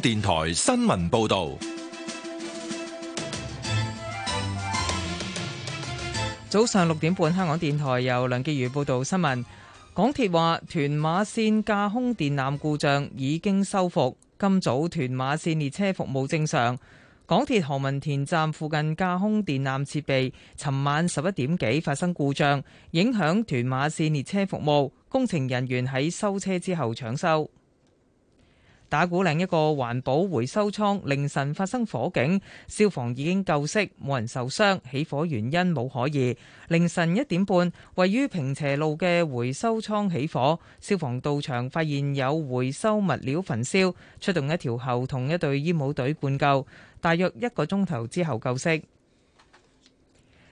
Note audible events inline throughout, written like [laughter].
電台新聞報道：早上六點半，香港電台由梁潔如報道新聞。港鐵話：屯馬線架空電纜故障已經修復，今早屯馬線列車服務正常。港鐵何文田站附近架空電纜設備尋晚十一點幾發生故障，影響屯馬線列車服務。工程人員喺收車之後搶修。打鼓嶺一個環保回收倉凌晨發生火警，消防已經救熄，冇人受傷。起火原因冇可疑。凌晨一點半，位於平斜路嘅回收倉起火，消防到場發現有回收物料焚燒，出動一條喉同一隊煙霧隊灌救，大約一個鐘頭之後救熄。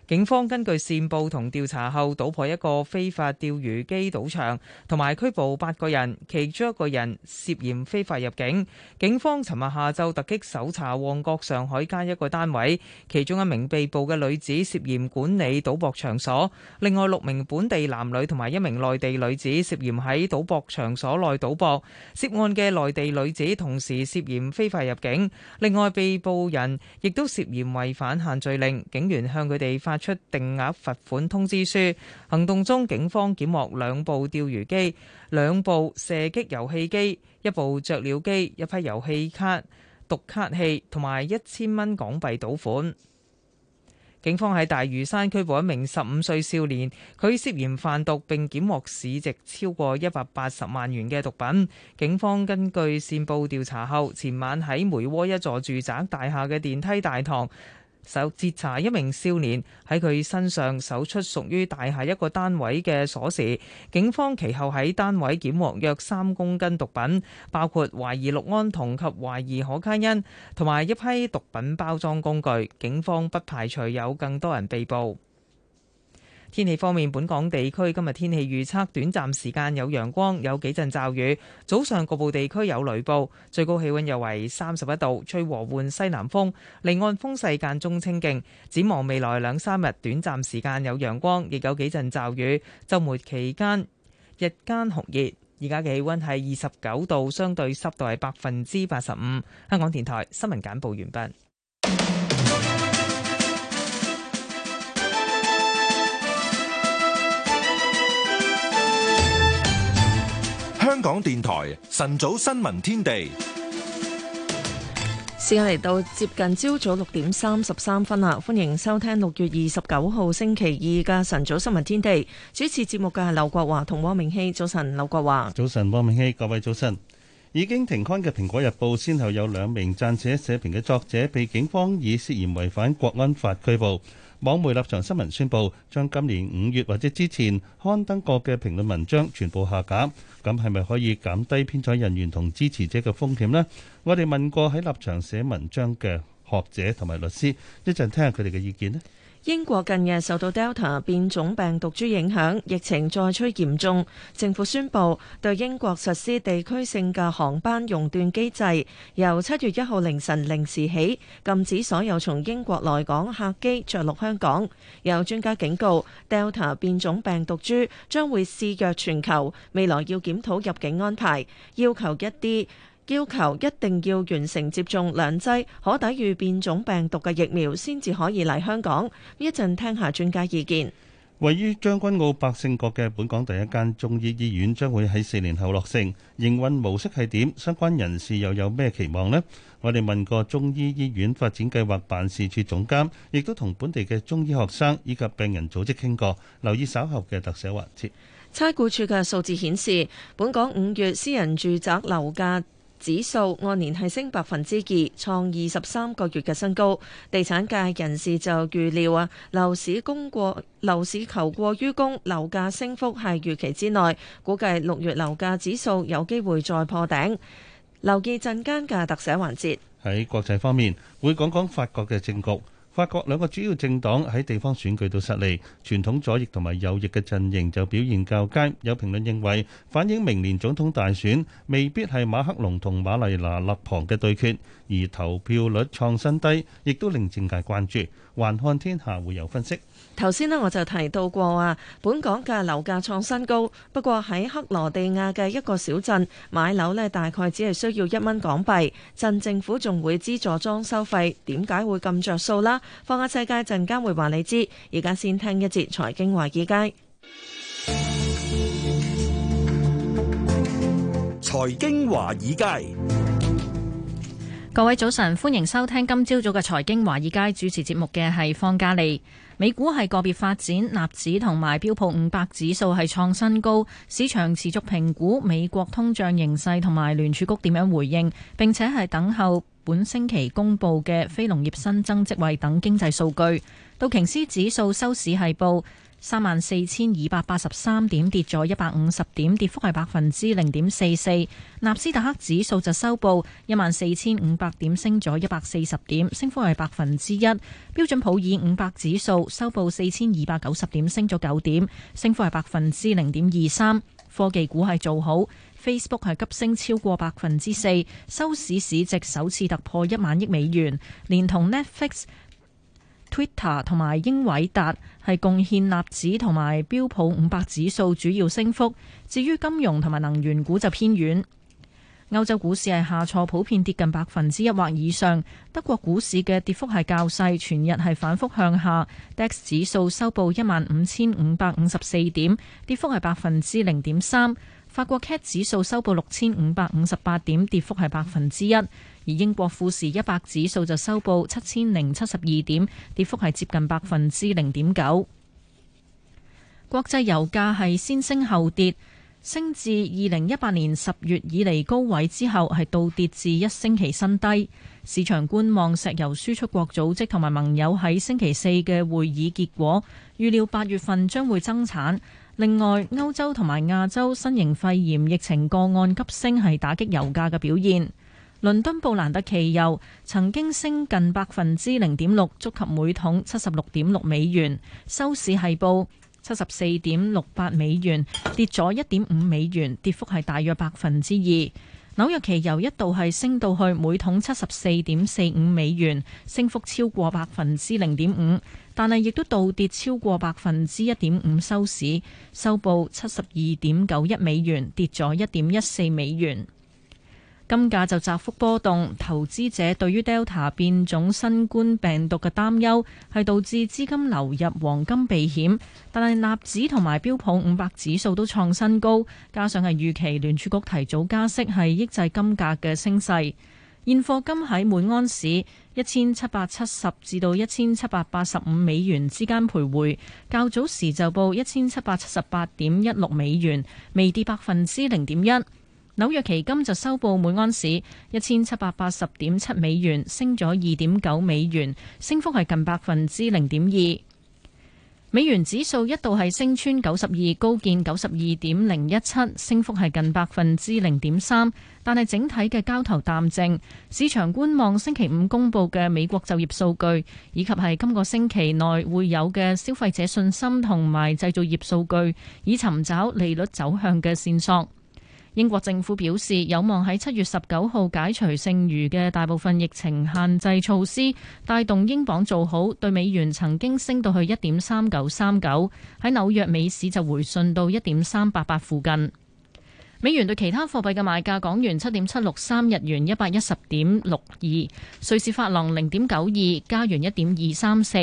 警方根據線報同調查後，搗破一個非法釣魚機賭場，同埋拘捕八個人，其中一個人涉嫌非法入境。警方尋日下晝突擊搜查旺角上海街一個單位，其中一名被捕嘅女子涉嫌管理賭博場所，另外六名本地男女同埋一名內地女子涉嫌喺賭博場所內賭博。涉案嘅內地女子同時涉嫌非法入境，另外被捕人亦都涉嫌違反限聚令。警員向佢哋發出定額罰款通知書。行動中，警方檢獲兩部釣魚機、兩部射擊遊戲機、一部雀鳥機、一批遊戲卡、讀卡器同埋一千蚊港幣賭款。警方喺大嶼山拘捕一名十五歲少年，佢涉嫌販毒，並檢獲市值超過一百八十萬元嘅毒品。警方根據線報調查後，前晚喺梅窩一座住宅大廈嘅電梯大堂。搜截查一名少年，喺佢身上搜出屬於大廈一個單位嘅鎖匙，警方其後喺單位檢獲約三公斤毒品，包括懷疑氯胺酮及懷疑可卡因，同埋一批毒品包裝工具。警方不排除有更多人被捕。天氣方面，本港地區今日天，天氣預測短暫時間有陽光，有幾陣驟雨，早上局部地區有雷暴，最高氣温約為三十一度，吹和緩西南風，離岸風勢間中清勁。展望未來兩三日，短暫時間有陽光，亦有幾陣驟雨。周末期間日間酷熱，而家嘅氣温係二十九度，相對濕度係百分之八十五。香港電台新聞簡報完畢。香港電台晨早新聞天地時間嚟到接近朝早六點三十三分啦，歡迎收聽六月二十九號星期二嘅晨早新聞天地。主持節目嘅係劉國華同汪明熙。早晨，劉國華。早晨，汪明熙。各位早晨。已經停刊嘅《蘋果日報》先後有兩名撰寫社評嘅作者被警方以涉嫌違反國安法拘捕。港媒立場新聞宣布，將今年五月或者之前刊登過嘅評論文章全部下架。咁係咪可以減低編採人員同支持者嘅風險呢？我哋問過喺立場寫文章嘅學者同埋律師，一陣聽下佢哋嘅意見呢。英國近日受到 Delta 變種病毒株影響，疫情再趨嚴重。政府宣布對英國實施地區性嘅航班熔斷機制，由七月一號凌晨零時起禁止所有從英國來港客機着陸香港。有專家警告，Delta 變種病毒株將會肆虐全球，未來要檢討入境安排，要求一啲。要求一定要完成接種兩劑可抵禦變種病毒嘅疫苗，先至可以嚟香港。呢一陣聽下專家意見。位於將軍澳百勝角嘅本港第一間中醫醫院將會喺四年後落成，營運模式係點？相關人士又有咩期望呢？我哋問過中醫醫院發展計劃辦事處總監，亦都同本地嘅中醫學生以及病人組織傾過。留意稍後嘅特寫環節。差估處嘅數字顯示，本港五月私人住宅樓價。指數按年係升百分之二，創二十三個月嘅新高。地產界人士就預料啊，樓市供過樓市求過於供，樓價升幅係預期之內。估計六月樓價指數有機會再破頂。留意陣間嘅特寫環節。喺國際方面，會講講法國嘅政局。法國兩個主要政黨喺地方選舉度失利，傳統左翼同埋右翼嘅陣營就表現較佳。有評論認為反映明年總統大選未必係馬克龍同馬麗娜立旁嘅對決，而投票率創新低，亦都令政界關注。還看天下會有分析。頭先咧，我就提到過啊，本港嘅樓價創新高。不過喺克羅地亞嘅一個小鎮買樓咧，大概只係需要一蚊港幣，鎮政府仲會資助裝修費。點解會咁着數啦？放下世界，陣間會話你知。而家先聽一節財經華爾街。財經華爾街。各位早晨，歡迎收聽今朝早嘅財經華爾街，主持節目嘅係方嘉莉。美股係個別發展，納指同埋標普五百指數係創新高，市場持續評估美國通脹形勢同埋聯儲局點樣回應，並且係等候本星期公布嘅非農業新增職位等經濟數據。道瓊斯指數收市係報三萬四千二百八十三點跌咗一百五十點，跌幅係百分之零點四四。納斯達克指數就收報一萬四千五百點，升咗一百四十點，升幅係百分之一。標準普爾五百指數收報四千二百九十點，升咗九點，升幅係百分之零點二三。科技股係做好，Facebook 係急升超過百分之四，收市市值首次突破一萬億美元，連同 Netflix。Twitter 同埋英偉達係貢獻納指同埋標普五百指數主要升幅，至於金融同埋能源股就偏軟。歐洲股市係下挫，普遍跌近百分之一或以上。德國股市嘅跌幅係較細，全日係反復向下。DAX 指數收報一萬五千五百五十四點，跌幅係百分之零點三。法國 CAC 指數收報六千五百五十八點，跌幅係百分之一。而英國富時一百指數就收報七千零七十二點，跌幅係接近百分之零點九。國際油價係先升後跌，升至二零一八年十月以嚟高位之後，係倒跌至一星期新低。市場觀望石油輸出國組織同埋盟友喺星期四嘅會議結果，預料八月份將會增產。另外，歐洲同埋亞洲新型肺炎疫情個案急升，係打擊油價嘅表現。倫敦布蘭特期油曾經升近百分之零點六，觸及每桶七十六點六美元，收市係報七十四點六八美元，跌咗一點五美元，跌幅係大約百分之二。紐約期油一度係升到去每桶七十四點四五美元，升幅超過百分之零點五，但係亦都倒跌超過百分之一點五，收市收報七十二點九一美元，跌咗一點一四美元。金價就窄幅波動，投資者對於 Delta 變種新冠病毒嘅擔憂係導致資金流入黃金避險，但係納指同埋標普五百指數都創新高，加上係預期聯儲局提早加息係抑制金價嘅升勢。現貨金喺每安士一千七百七十至到一千七百八十五美元之間徘徊，較早時就報一千七百七十八點一六美元，微跌百分之零點一。紐約期金就收報每安士一千七百八十點七美元，升咗二點九美元，升幅係近百分之零點二。美元指數一度係升穿九十二，高見九十二點零一七，升幅係近百分之零點三。但係整體嘅交投淡靜，市場觀望星期五公佈嘅美國就業數據，以及係今個星期內會有嘅消費者信心同埋製造業數據，以尋找利率走向嘅線索。英國政府表示有望喺七月十九號解除剩餘嘅大部分疫情限制措施，帶動英鎊做好，對美元曾經升到去一點三九三九，喺紐約美市就回信到一點三八八附近。美元對其他貨幣嘅賣價，港元七點七六三，日元一百一十點六二，瑞士法郎零點九二，加元一點二三四。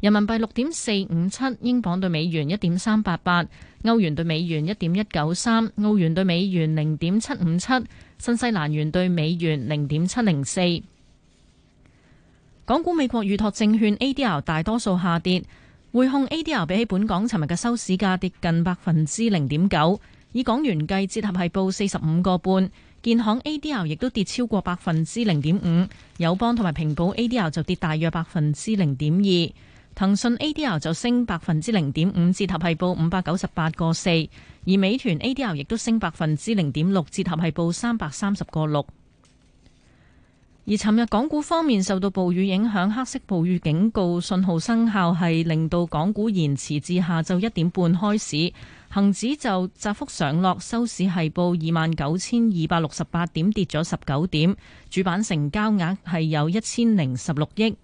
人民幣六點四五七，英鎊兌美元一點三八八，歐元兌美元一點一九三，澳元兌美元零點七五七，新西蘭元兌美元零點七零四。港股美國預託證券 ADR 大多數下跌，匯控 ADR 比起本港尋日嘅收市價跌近百分之零點九，以港元計折合係報四十五個半。建行 ADR 亦都跌超過百分之零點五，友邦同埋平保 ADR 就跌大約百分之零點二。騰訊 ADR 就升百分之零點五，折合係報五百九十八個四；而美團 ADR 亦都升百分之零點六，折合係報三百三十個六。而尋日港股方面受到暴雨影響，黑色暴雨警告信號生效，係令到港股延遲至下晝一點半開始，恒指就窄幅上落，收市係報二萬九千二百六十八點，跌咗十九點。主板成交額係有一千零十六億。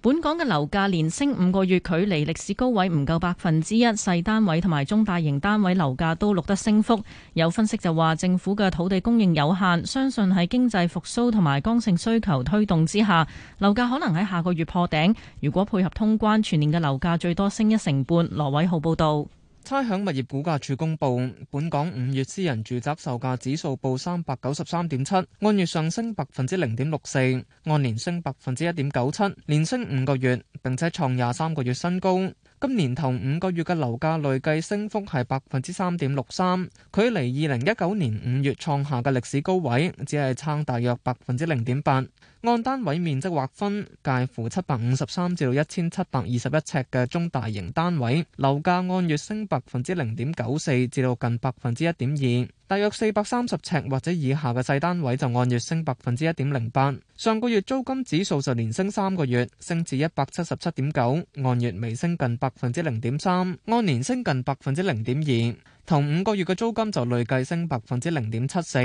本港嘅樓價連升五個月，距離歷史高位唔夠百分之一。細單位同埋中大型單位樓價都錄得升幅。有分析就話，政府嘅土地供應有限，相信喺經濟復甦同埋剛性需求推動之下，樓價可能喺下個月破頂。如果配合通關，全年嘅樓價最多升一成半。羅偉浩報導。差響物業估價處公布，本港五月私人住宅售價指數報三百九十三點七，按月上升百分之零點六四，按年升百分之一點九七，連升五個月，並且創廿三個月新高。今年頭五個月嘅樓價累計升幅係百分之三點六三，距離二零一九年五月創下嘅歷史高位，只係差大約百分之零點八。按單位面積劃分，介乎七百五十三至一千七百二十一尺嘅中大型單位，樓價按月升百分之零點九四至到近百分之一點二。大約四百三十尺或者以下嘅細單位就按月升百分之一點零八。上個月租金指數就連升三個月，升至一百七十七點九，按月微升近百分之零點三，按年升近百分之零點二。同五個月嘅租金就累計升百分之零點七四。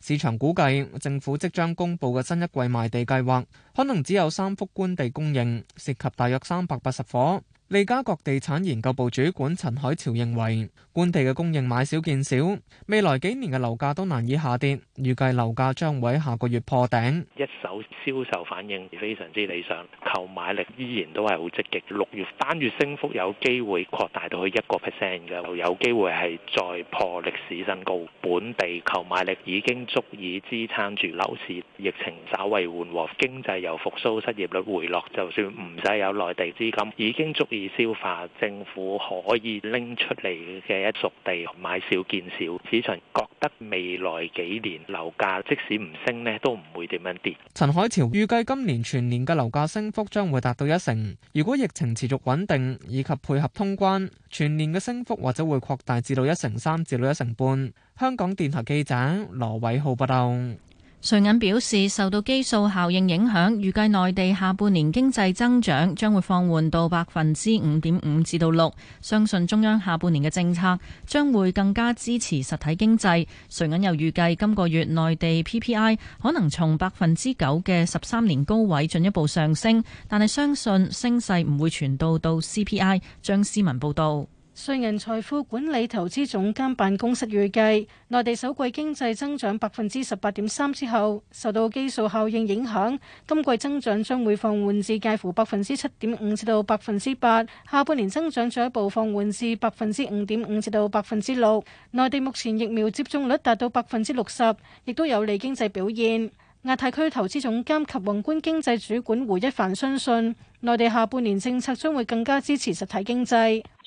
市場估計，政府即將公佈嘅新一季賣地計劃，可能只有三幅官地供應，涉及大約三百八十伙。利嘉閣地產研究部主管陳海潮認為，官地嘅供應買少見少，未來幾年嘅樓價都難以下跌，預計樓價將會喺下個月破頂。一手銷售反應非常之理想，購買力依然都係好積極。六月單月升幅有機會擴大到去一個 percent 嘅，有有機會係再破歷史新高。本地購買力已經足以支撐住樓市，疫情稍為緩和，經濟又復甦，失業率回落，就算唔使有內地資金，已經足以。易消化，政府可以拎出嚟嘅一熟地買少見少。市場覺得未來幾年樓價即使唔升呢，都唔會點樣跌。陳海潮預計今年全年嘅樓價升幅將會達到一成。如果疫情持續穩定，以及配合通關全年嘅升幅或者會擴大至到一成三至到一成半。香港電台記者羅偉浩報道。瑞銀表示，受到基數效應影響，預計內地下半年經濟增長將會放緩到百分之五點五至到六。相信中央下半年嘅政策將會更加支持實體經濟。瑞銀又預計今個月內地 P P I 可能從百分之九嘅十三年高位進一步上升，但係相信升勢唔會傳導到 C P I。張思文報道。瑞銀財富管理投資總監辦公室預計，內地首季經濟增長百分之十八點三之後，受到基數效應影響，今季增長將會放緩至介乎百分之七點五至到百分之八。下半年增長再一步放緩至百分之五點五至到百分之六。內地目前疫苗接種率達到百分之六十，亦都有利經濟表現。亞太區投資總監及宏觀經濟主管胡一帆相信，內地下半年政策將會更加支持實體經濟。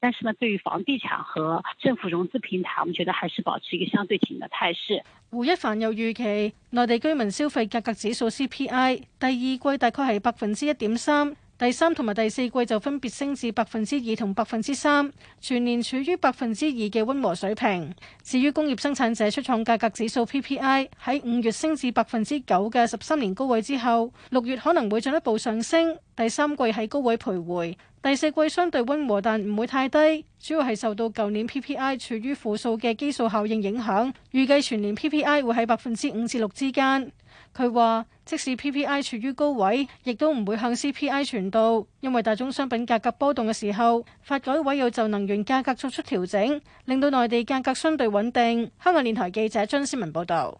但是呢，對於房地產和政府融資平台，我們覺得還是保持一個相對緊的態勢。胡一凡又預期，內地居民消費價格指數 CPI 第二季大概係百分之一點三。第三同埋第四季就分別升至百分之二同百分之三，全年處於百分之二嘅溫和水平。至於工業生產者出廠價格指數 PPI 喺五月升至百分之九嘅十三年高位之後，六月可能會進一步上升，第三季喺高位徘徊，第四季相對溫和但唔會太低，主要係受到舊年 PPI 處於負數嘅基數效應影響，預計全年 PPI 會喺百分之五至六之間。佢話：即使 PPI 處於高位，亦都唔會向 CPI 傳導，因為大宗商品價格波動嘅時候，發改委有就能源價格作出調整，令到內地價格相對穩定。香港電台記者張思文報道。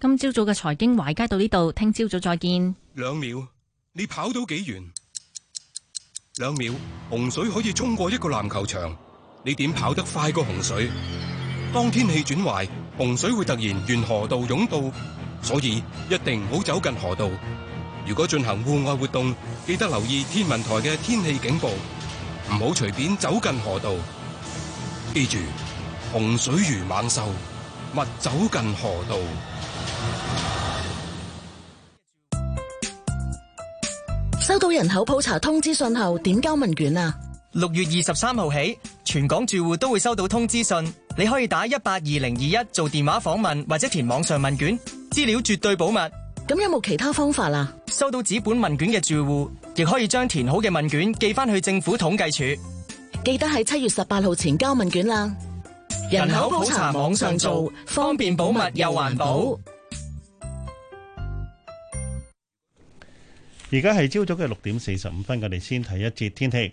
今朝早嘅財經懷街到呢度，聽朝早再見。兩秒，你跑到幾遠？兩秒，洪水可以衝過一個籃球場，你點跑得快過洪水？當天氣轉壞，洪水會突然沿河道湧到。」所以，一定唔好走近河道。如果進行戶外活動，記得留意天文台嘅天氣警報，唔好隨便走近河道。記住，洪水如猛獸，勿走近河道。收到人口普查通知信後，點交問卷啊？六月二十三號起，全港住戶都會收到通知信，你可以打一八二零二一做電話訪問或者填網上問卷，資料絕對保密。咁有冇其他方法啦？收到紙本問卷嘅住戶，亦可以將填好嘅問卷寄翻去政府統計處，記得喺七月十八號前交問卷啦。人口普查網上做，方便保密又環保。而家係朝早嘅六點四十五分，我哋先睇一節天氣。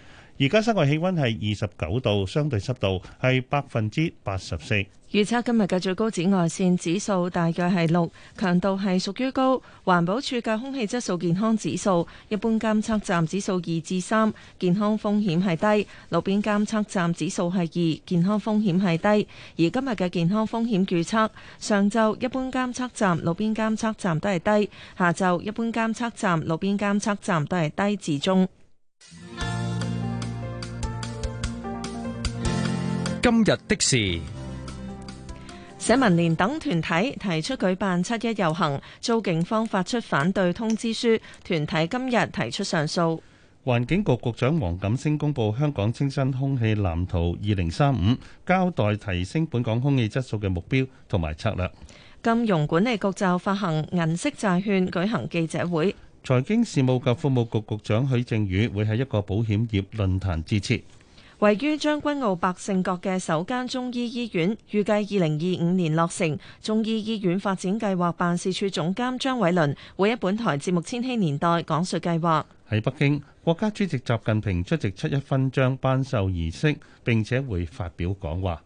而家室外氣溫係二十九度，相對濕度係百分之八十四。預測今日嘅最高紫外線指數大概係六，強度係屬於高。環保署嘅空氣質素健康指數，一般監測站指數二至三，健康風險係低；路邊監測站指數係二，健康風險係低。而今日嘅健康風險預測，上晝一般監測站、路邊監測站都係低；下晝一般監測站、路邊監測站都係低至中。今日的事，社民連等團體提出舉辦七一遊行，遭警方發出反對通知書。團體今日提出上訴。環境局局長黃錦星公布香港清新空氣藍圖二零三五，交代提升本港空氣質素嘅目標同埋策略。金融管理局就發行銀色債券舉行記者會。財經事務及服務局局長許正宇會喺一個保險業論壇致辭。位於將軍澳百勝角嘅首間中醫醫院，預計二零二五年落成。中醫醫院發展計劃辦事處總監張偉麟會喺本台節目《千禧年代》講述計劃。喺北京，國家主席習近平出席七一勳章頒授儀式，並且會發表講話。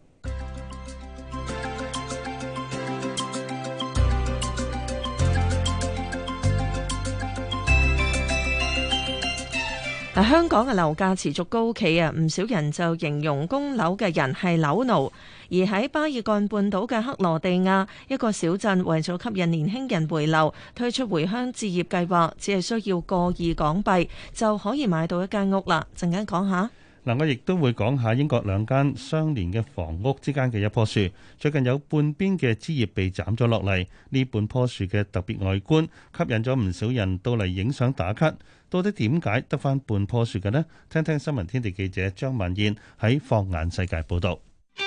香港嘅樓價持續高企啊，唔少人就形容供樓嘅人係樓奴。而喺巴爾幹半島嘅克羅地亞，一個小鎮為咗吸引年輕人回流，推出回鄉置業計劃，只係需要個二港幣就可以買到一間屋啦。陣間講下。嗱，我亦都會講下英國兩間相連嘅房屋之間嘅一棵樹，最近有半邊嘅枝葉被斬咗落嚟，呢半棵樹嘅特別外觀吸引咗唔少人到嚟影相打卡。到底點解得翻半棵樹嘅呢？聽聽新聞天地記者張文燕喺《放眼世界》報道。《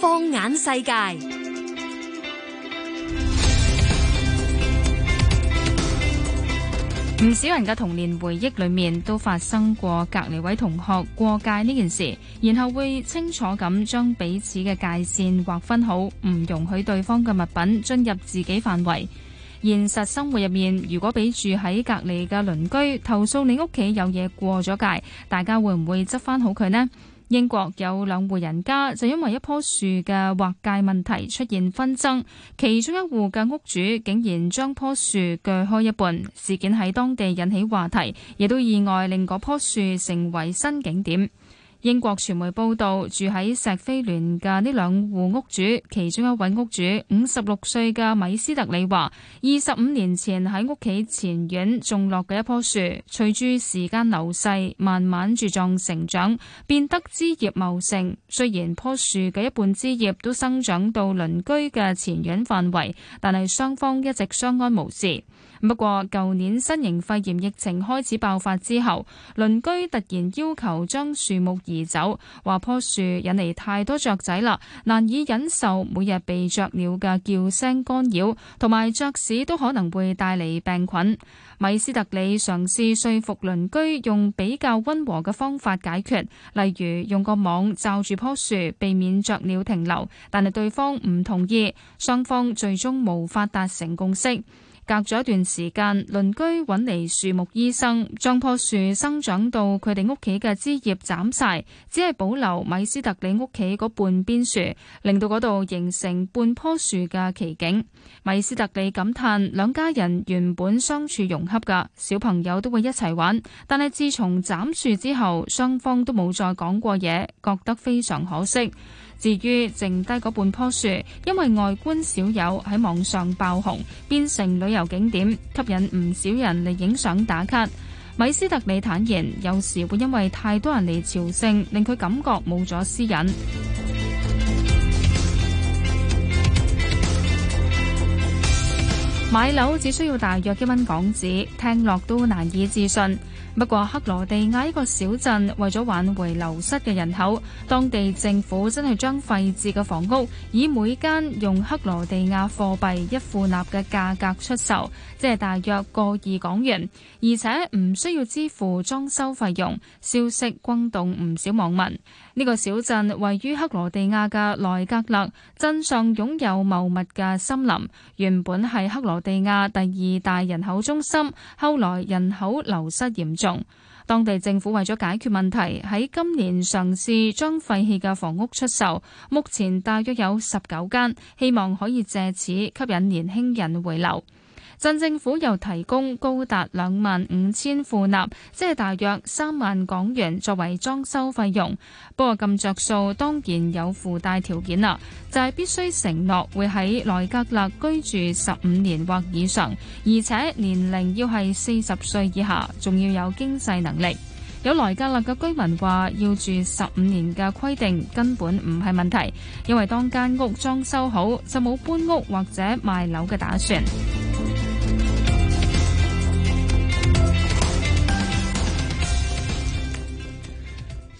放眼世界》，唔少人嘅童年回憶裏面都發生過隔籬位同學過界呢件事，然後會清楚咁將彼此嘅界線劃分好，唔容許對方嘅物品進入自己範圍。現實生活入面，如果俾住喺隔籬嘅鄰居投訴你屋企有嘢過咗界，大家會唔會執翻好佢呢？英國有兩戶人家就因為一棵樹嘅劃界問題出現紛爭，其中一戶嘅屋主竟然將棵樹鋸開一半，事件喺當地引起話題，亦都意外令嗰棵樹成為新景點。英國傳媒報道，住喺石飛聯嘅呢兩戶屋主，其中一位屋主五十六歲嘅米斯特里華，二十五年前喺屋企前院種落嘅一棵樹，隨住時間流逝，慢慢茁壯成長，變得枝葉茂盛。雖然棵樹嘅一半枝葉都生長到鄰居嘅前院範圍，但係雙方一直相安無事。不過，舊年新型肺炎疫情開始爆發之後，鄰居突然要求將樹木移走，話棵樹引嚟太多雀仔啦，難以忍受每日被雀鳥嘅叫聲干擾，同埋雀屎都可能會帶嚟病菌。米斯特里嘗試說服鄰居用比較溫和嘅方法解決，例如用個網罩住棵樹，避免雀鳥停留，但係對方唔同意，雙方最終無法達成共識。隔咗一段時間，鄰居揾嚟樹木醫生，將棵樹生長到佢哋屋企嘅枝葉斬晒，只係保留米斯特里屋企嗰半邊樹，令到嗰度形成半棵樹嘅奇景。米斯特里感嘆，兩家人原本相處融洽㗎，小朋友都會一齊玩，但係自從斬樹之後，雙方都冇再講過嘢，覺得非常可惜。至於剩低嗰半棵樹，因為外觀少有，喺網上爆紅，變成旅遊景點，吸引唔少人嚟影相打卡。米斯特里坦言，有時會因為太多人嚟朝聖，令佢感覺冇咗私隱。買樓只需要大約一蚊港紙，聽落都難以置信。不過克羅地亞一個小鎮為咗挽回流失嘅人口，當地政府真係將廢置嘅房屋以每間用克羅地亞貨幣一庫納嘅價格出售。即係大約個二港元，而且唔需要支付裝修費用。消息轟動唔少網民。呢個小鎮位於克羅地亞嘅內格勒鎮上，擁有茂密嘅森林。原本係克羅地亞第二大人口中心，後來人口流失嚴重。當地政府為咗解決問題，喺今年嘗試將廢棄嘅房屋出售，目前大約有十九間，希望可以藉此吸引年輕人回流。鎮政府又提供高達兩萬五千庫納，即係大約三萬港元，作為裝修費用。不過咁着數當然有附帶條件啦，就係必須承諾會喺萊格勒居住十五年或以上，而且年齡要係四十歲以下，仲要有經濟能力。有萊格勒嘅居民話：要住十五年嘅規定根本唔係問題，因為當間屋裝修好就冇搬屋或者賣樓嘅打算。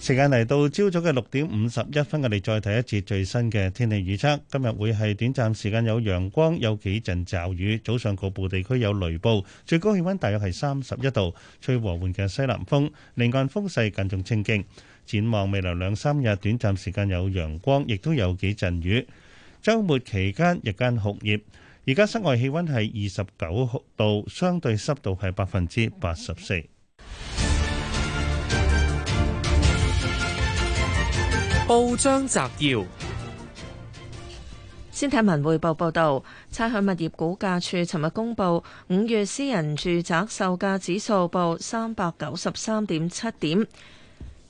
時間嚟到朝早嘅六點五十一分，我哋再睇一次最新嘅天氣預測。今日會係短暫時間有陽光，有幾陣驟雨。早上局部地區有雷暴，最高氣溫大約係三十一度，吹和緩嘅西南風，離岸風勢更重清勁。展望未來兩三日，短暫時間有陽光，亦都有幾陣雨。周末期間日間酷熱。而家室外氣溫係二十九度，相對濕度係百分之八十四。報章摘要：先睇文匯報報道，差餉物業估價署尋日公布，五月私人住宅售價指數報三百九十三點七點，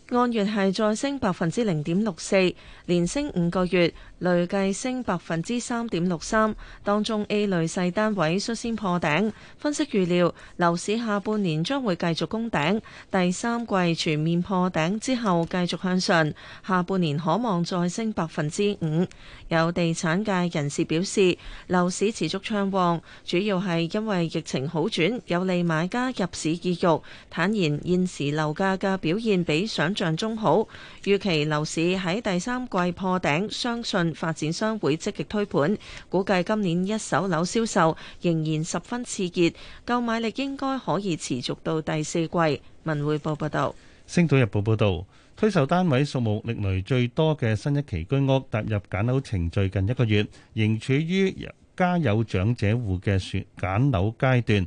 按月係再升百分之零點六四，連升五個月。累計升百分之三點六三，當中 A 類細單位率先破頂。分析預料樓市下半年將會繼續攻頂，第三季全面破頂之後繼續向上，下半年可望再升百分之五。有地產界人士表示，樓市持續暢旺，主要係因為疫情好轉，有利買家入市意欲。坦言現時樓價嘅表現比想象中好，預期樓市喺第三季破頂，相信。發展商會積極推盤，估計今年一手樓銷售仍然十分熾熱，購買力應該可以持續到第四季。文匯報報道，星島日報報道，推售單位數目歷來最多嘅新一期居屋踏入揀樓程序近一個月，仍處於家有長者戶嘅選揀樓階段。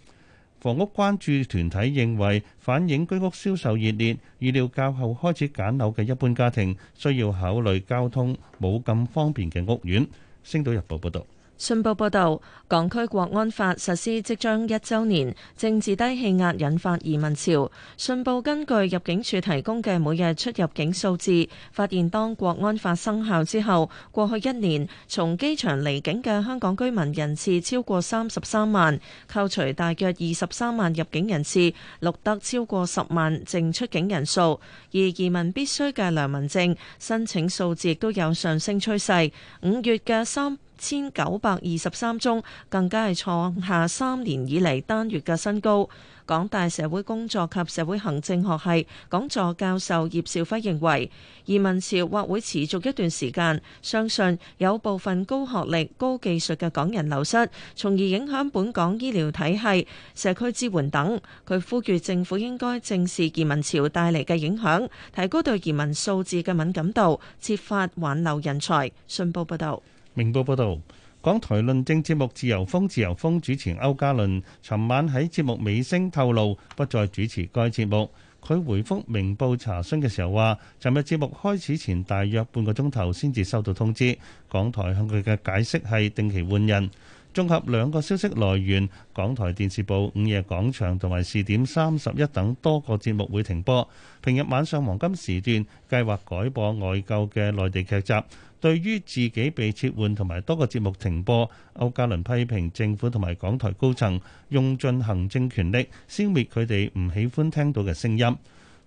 房屋關注團體認為，反映居屋銷售熱烈，預料較後開始揀樓嘅一般家庭，需要考慮交通冇咁方便嘅屋苑。星島日報報道。信報報導，港區國安法實施即將一週年，政治低氣壓引發移民潮。信報根據入境處提供嘅每日出入境數字，發現當國安法生效之後，過去一年從機場離境嘅香港居民人次超過三十三萬，扣除大約二十三萬入境人次，錄得超過十萬淨出境人數。而移民必須嘅良民證申請數字都有上升趨勢。五月嘅三千九百二十三宗，更加係創下三年以嚟單月嘅新高。港大社會工作及社會行政學系講座教授葉兆輝認為移民潮或會持續一段時間，相信有部分高學歷高技術嘅港人流失，從而影響本港醫療體系、社區支援等。佢呼籲政府應該正視移民潮帶嚟嘅影響，提高對移民數字嘅敏感度，設法挽留人才。信報報道。明報報導，港台論政節目《自由風》自由風主持歐嘉倫，尋晚喺節目尾聲透露不再主持該節目。佢回覆明報查詢嘅時候話，尋日節目開始前大約半個鐘頭先至收到通知。港台向佢嘅解釋係定期換人。綜合兩個消息來源，港台電視部午夜廣場同埋視點三十一等多個節目會停播。平日晚上黃金時段計劃改播外購嘅內地劇集。對於自己被撤換同埋多個節目停播，區家麟批評政府同埋港台高層用盡行政權力消滅佢哋唔喜歡聽到嘅聲音。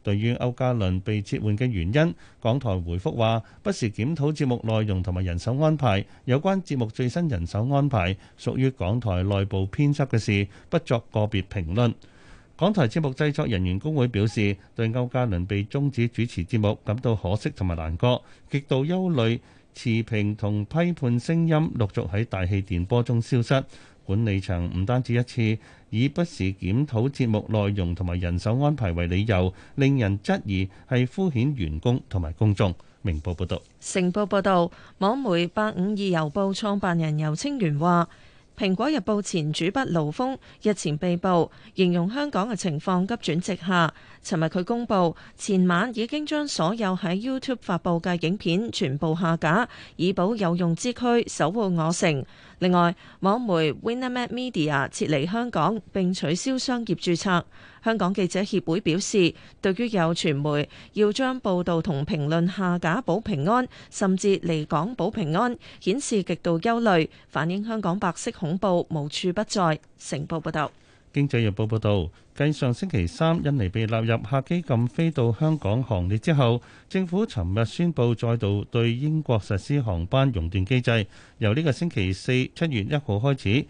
對於區家麟被撤換嘅原因，港台回覆話不時檢討節目內容同埋人手安排，有關節目最新人手安排屬於港台內部編輯嘅事，不作個別評論。港台節目製作人員工會表示對區家麟被終止主持節目感到可惜同埋難過，極度憂慮。持平同批判聲音陸續喺大氣電波中消失，管理層唔單止一次，以不時檢討節目內容同埋人手安排為理由，令人質疑係敷衍員工同埋公眾。明報報道：《成報》報道網媒八五二郵報創辦人游清源話，蘋果日報前主筆盧峯日前被捕，形容香港嘅情況急轉直下。尋日佢公布，前晚已經將所有喺 YouTube 發布嘅影片全部下架，以保有用之軀，守護我城。另外，網媒 Winandmac Media 撤離香港並取消商業註冊。香港記者協會表示，對於有傳媒要將報導同評論下架保平安，甚至離港保平安，顯示極度憂慮，反映香港白色恐怖無處不在。成報報道。經濟日報報導，繼上星期三印尼被納入客機禁飛到香港行列之後，政府尋日宣布再度對英國實施航班熔斷機制，由呢個星期四七月一號開始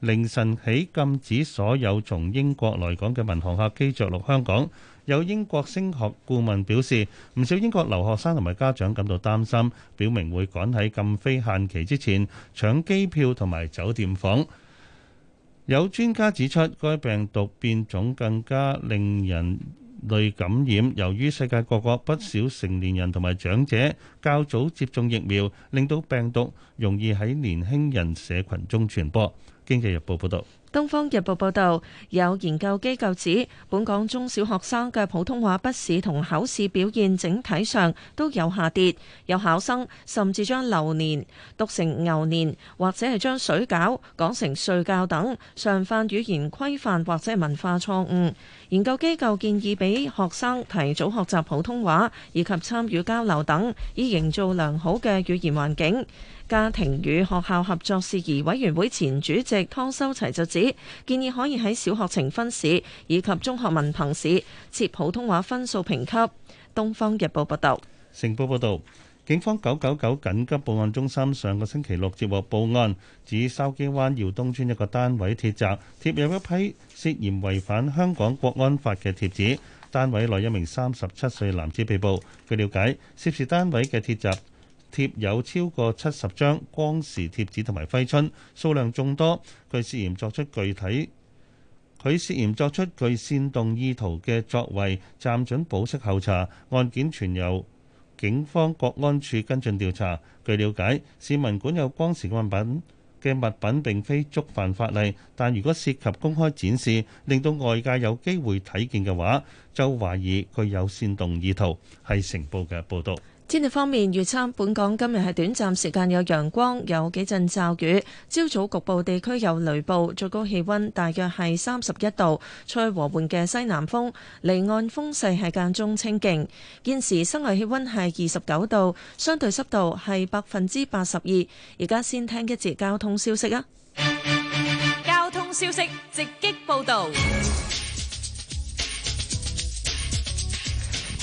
凌晨起禁止所有從英國來港嘅民航客機著陸香港。有英國升學顧問表示，唔少英國留學生同埋家長感到擔心，表明會趕喺禁飛限期之前搶機票同埋酒店房。有專家指出，該病毒變種更加令人類感染。由於世界各國不少成年人同埋長者較早接種疫苗，令到病毒容易喺年輕人社群中傳播。經濟日報報導。《東方日報》報導，有研究機構指，本港中小學生嘅普通話筆試同考試表現整體上都有下跌，有考生甚至將流年讀成牛年，或者係將水餃講成睡覺等常犯語言規範或者文化錯誤。研究機構建議俾學生提早學習普通話，以及參與交流等，以營造良好嘅語言環境。家庭與學校合作事宜委員會前主席湯修齊就指，建議可以喺小學呈分試以及中學文憑試設普通話分數評級。《東方日報》報道，《城報》報道，警方九九九緊急報案中心上個星期六接獲報案，指筲箕灣耀東邨一個單位鐵閘貼入一批涉嫌違反香港國安法嘅貼紙，單位內一名三十七歲男子被捕。據瞭解，涉事單位嘅鐵閘。貼有超過七十張光時貼紙同埋揮春，數量眾多。佢涉嫌作出具體，佢涉嫌作出具煽動意圖嘅作為，暫准保釋候查。案件全由警方國安處跟進調查。據瞭解，市民管有光時物品嘅物品並非觸犯法例，但如果涉及公開展示，令到外界有機會睇見嘅話，就懷疑佢有煽動意圖，係成報嘅報導。天氣方面，預測本港今日係短暫時間有陽光，有幾陣驟雨。朝早局部地區有雷暴，最高氣温大約係三十一度。吹和緩嘅西南風，離岸風勢係間中清勁。現時室內氣温係二十九度，相對濕度係百分之八十二。而家先聽一節交通消息啊！交通消息直擊報道。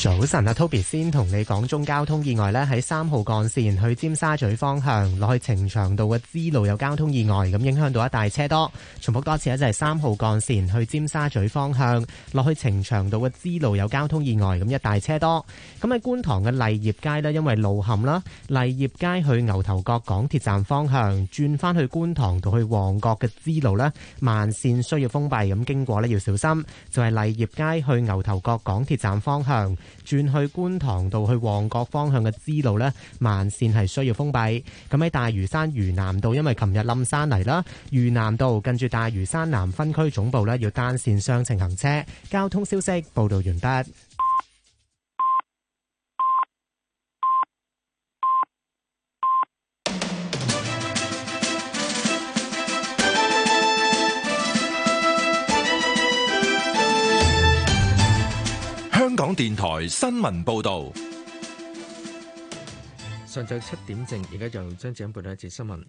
早晨啊，Toby 先同你講中交通意外咧，喺三號幹線去尖沙咀方向落去呈祥道嘅支路有交通意外，咁影響到一大車多。重複多次咧，就係、是、三號幹線去尖沙咀方向落去呈祥道嘅支路有交通意外，咁一大車多。咁喺觀塘嘅麗業街呢，因為路陷啦，麗業街去牛頭角港鐵站方向轉返去觀塘道去旺角嘅支路呢，慢綫需要封閉，咁經過呢，要小心。就係麗業街去牛頭角港鐵站方向。轉去觀塘道去旺角方向嘅支路呢慢線係需要封閉。咁喺大嶼山嶼南道，因為琴日冧山泥啦，嶼南道跟住大嶼山南分區總部呢要單線雙程行車。交通消息報道完畢。香港電台新聞報道，上晝七點正，而家由張子欣報道一節新聞。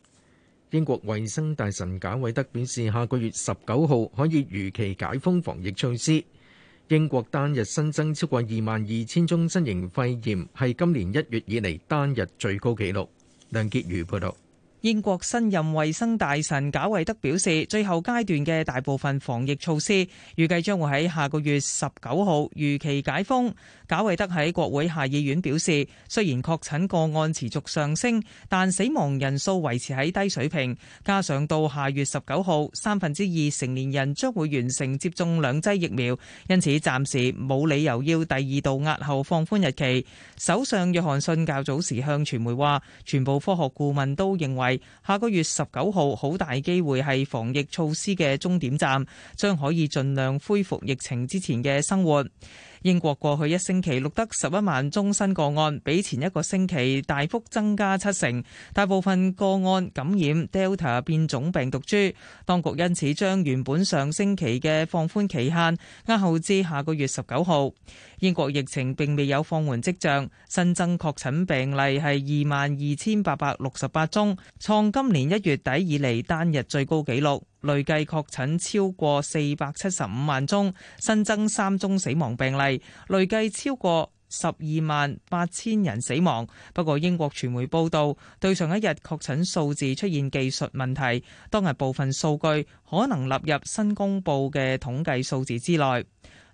英國衛生大臣賈偉德表示，下個月十九號可以如期解封防疫措施。英國單日新增超過二萬二千宗新型肺炎，係今年一月以嚟單日最高紀錄。梁潔如報道。英國新任衛生大臣賈維德表示，最後階段嘅大部分防疫措施預計將會喺下個月十九號如期解封。賈維德喺國會下議院表示，雖然確診個案持續上升，但死亡人數維持喺低水平。加上到下月十九號，三分之二成年人將會完成接種兩劑疫苗，因此暫時冇理由要第二度押後放寬日期。首相約翰遜較早時向傳媒話，全部科學顧問都認為下個月十九號好大機會係防疫措施嘅終點站，將可以盡量恢復疫情之前嘅生活。英國過去一星期錄得十一萬宗新個案，比前一個星期大幅增加七成。大部分個案感染 Delta 變種病毒株，當局因此將原本上星期嘅放寬期限押後至下個月十九號。英國疫情並未有放緩跡象，新增確診病例係二萬二千八百六十八宗，創今年一月底以嚟單日最高紀錄。累計確診超過四百七十五萬宗，新增三宗死亡病例，累計超過十二萬八千人死亡。不過，英國傳媒報道，對上一日確診數字出現技術問題，當日部分數據可能納入新公布嘅統計數字之內。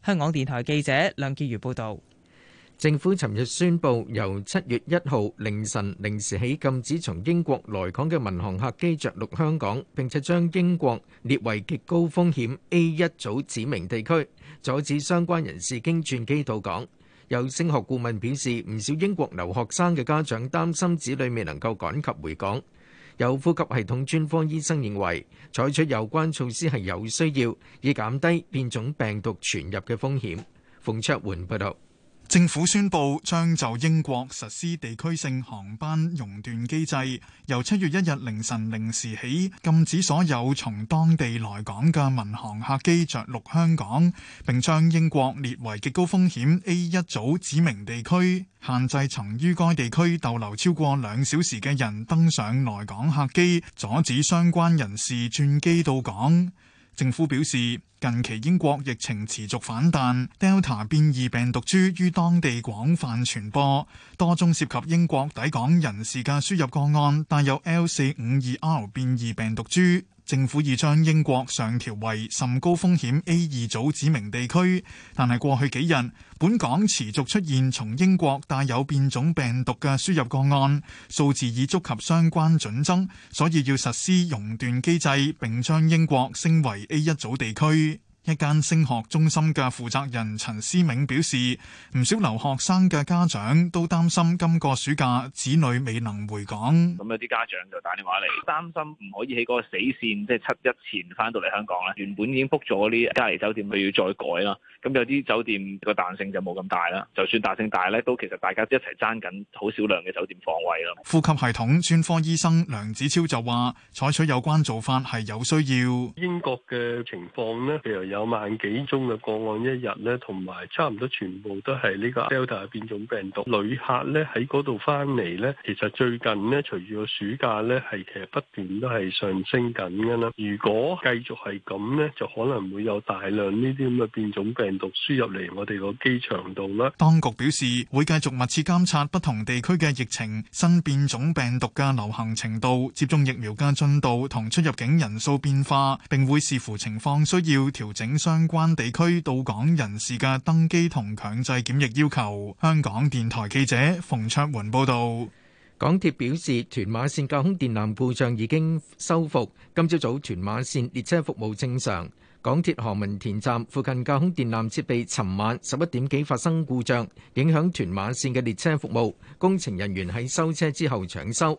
香港電台記者梁潔如報道。政府尋日宣布，由七月一號凌晨零時起禁止從英國來港嘅民航客機著陸香港，並且將英國列為極高風險 A 一組指明地區，阻止相關人士經轉機到港。有升學顧問表示，唔少英國留學生嘅家長擔心子女未能夠趕及回港。有呼吸系統專科醫生認為，採取有關措施係有需要，以減低變種病毒傳入嘅風險。馮卓桓報導。政府宣布將就英國實施地區性航班熔斷機制，由七月一日凌晨零時起禁止所有從當地來港嘅民航客機着陸香港，並將英國列為極高風險 A 一組指明地區，限制曾於該地區逗留超過兩小時嘅人登上來港客機，阻止相關人士轉機到港。政府表示，近期英國疫情持續反彈，Delta 變異病毒株於當地廣泛傳播，多宗涉及英國抵港人士嘅輸入個案帶有 L 四五二 R 變異病毒株。政府已將英國上調為甚高風險 A 二組指明地區，但係過去幾日，本港持續出現從英國帶有變種病毒嘅輸入個案，數字已觸及相關準則，所以要實施熔斷機制，並將英國升為 A 一組地區。一間升學中心嘅負責人陳思銘表示，唔少留學生嘅家長都擔心今個暑假子女未能回港，咁有啲家長就打電話嚟，擔心唔可以喺嗰個死線，即係七一前翻到嚟香港啦。原本已經 book 咗啲隔離酒店，佢要再改啦。咁有啲酒店個彈性就冇咁大啦。就算彈性大呢，都其實大家一齊爭緊好少量嘅酒店房位啦。呼吸系統專科醫生梁子超就話，採取有關做法係有需要。英國嘅情況呢。有萬幾宗嘅個案，一日咧，同埋差唔多全部都係呢個 Delta 變種病毒。旅客咧，喺嗰度翻嚟咧，其實最近咧，隨住個暑假咧，係其實不斷都係上升緊噶啦。如果繼續係咁咧，就可能會有大量呢啲咁嘅變種病毒輸入嚟我哋個機場度啦。當局表示會繼續密切監察不同地區嘅疫情，新變種病毒嘅流行程度，接種疫苗嘅進度同出入境人數變化，並會視乎情況需要調整。整相關地區到港人士嘅登機同強制檢疫要求。香港電台記者馮卓桓報導。港鐵表示，屯馬線架空電纜故障已經修復，今朝早屯馬線列車服務正常。港鐵何文田站附近架空電纜設備，尋晚十一點幾發生故障，影響屯馬線嘅列車服務。工程人員喺收車之後搶修。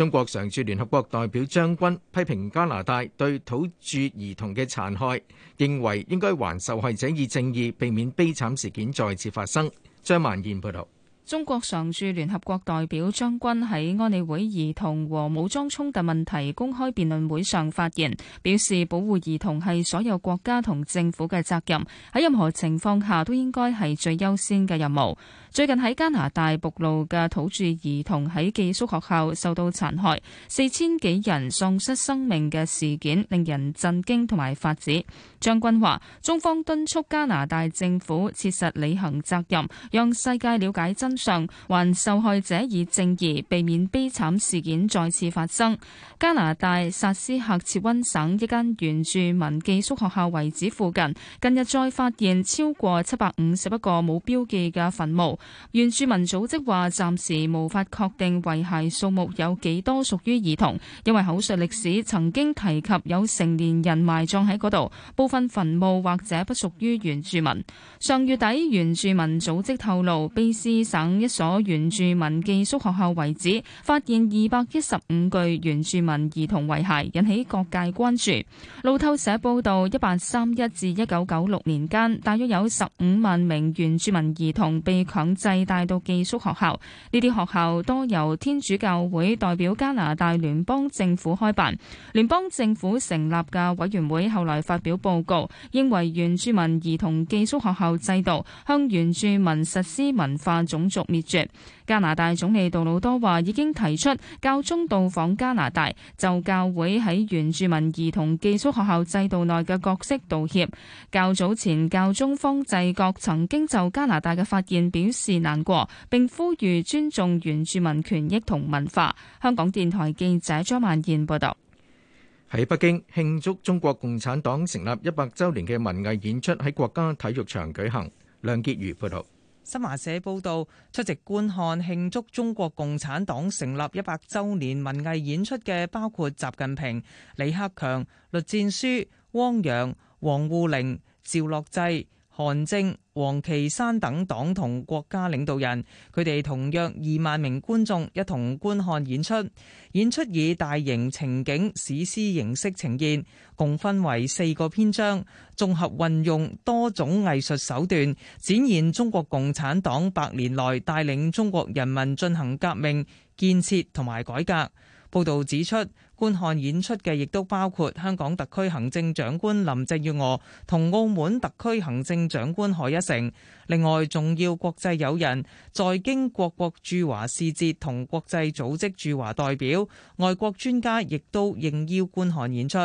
中國常駐聯合國代表張軍批評加拿大對土著兒童嘅殘害，認為應該還受害者以正義，避免悲慘事件再次發生。張萬燕報道。中國常駐聯合國代表張軍喺安理會兒童和武裝衝突問題公開辯論會上發言，表示保護兒童係所有國家同政府嘅責任，喺任何情況下都應該係最優先嘅任務。最近喺加拿大暴露嘅土著兒童喺寄宿學校受到殘害，四千幾人喪失生命嘅事件，令人震驚同埋發指。張軍話：中方敦促加拿大政府切實履行責任，讓世界了解真相，還受害者以正義，避免悲慘事件再次發生。加拿大薩斯喀徹溫省一間原住民寄宿學校遺址附近，近日再發現超過七百五十一個冇標記嘅墳墓。原住民組織話，暫時無法確定遺骸數目有幾多屬於兒童，因為口述歷史曾經提及有成年人埋葬喺嗰度。報分墳墓或者不屬於原住民。上月底，原住民組織透露，卑詩省一所原住民寄宿學校遺址發現二百一十五具原住民兒童遺骸，引起各界關注。路透社報道，一八三一至一九九六年間，大約有十五萬名原住民兒童被強制帶到寄宿學校。呢啲學校多由天主教會代表加拿大聯邦政府開辦。聯邦政府成立嘅委員會後來發表報告，認為原住民兒童寄宿學校制度向原住民實施文化種族滅絕。加拿大總理杜魯多話已經提出，教宗到訪加拿大就教會喺原住民兒童寄宿學校制度內嘅角色道歉。較早前，教宗方濟各曾經就加拿大嘅發現表示難過，並呼籲尊重原住民權益同文化。香港電台記者張曼燕報道。喺北京慶祝中國共產黨成立一百周年嘅文藝演出喺國家體育場舉行。梁潔如報道，新華社報道，出席觀看慶祝中國共產黨成立一百周年文藝演出嘅包括習近平、李克強、栗戰書、汪洋、王滬寧、趙樂際。韓正、王岐山等黨同國家領導人，佢哋同約二萬名觀眾一同觀看演出。演出以大型情景、史詩形式呈現，共分為四個篇章，綜合運用多種藝術手段，展現中國共產黨百年來帶領中國人民進行革命、建設同埋改革。報道指出。觀看演出嘅亦都包括香港特區行政長官林鄭月娥同澳門特區行政長官賀一誠，另外重要國際友人、在京各國駐華使節同國際組織駐華代表、外國專家亦都應邀觀看演出。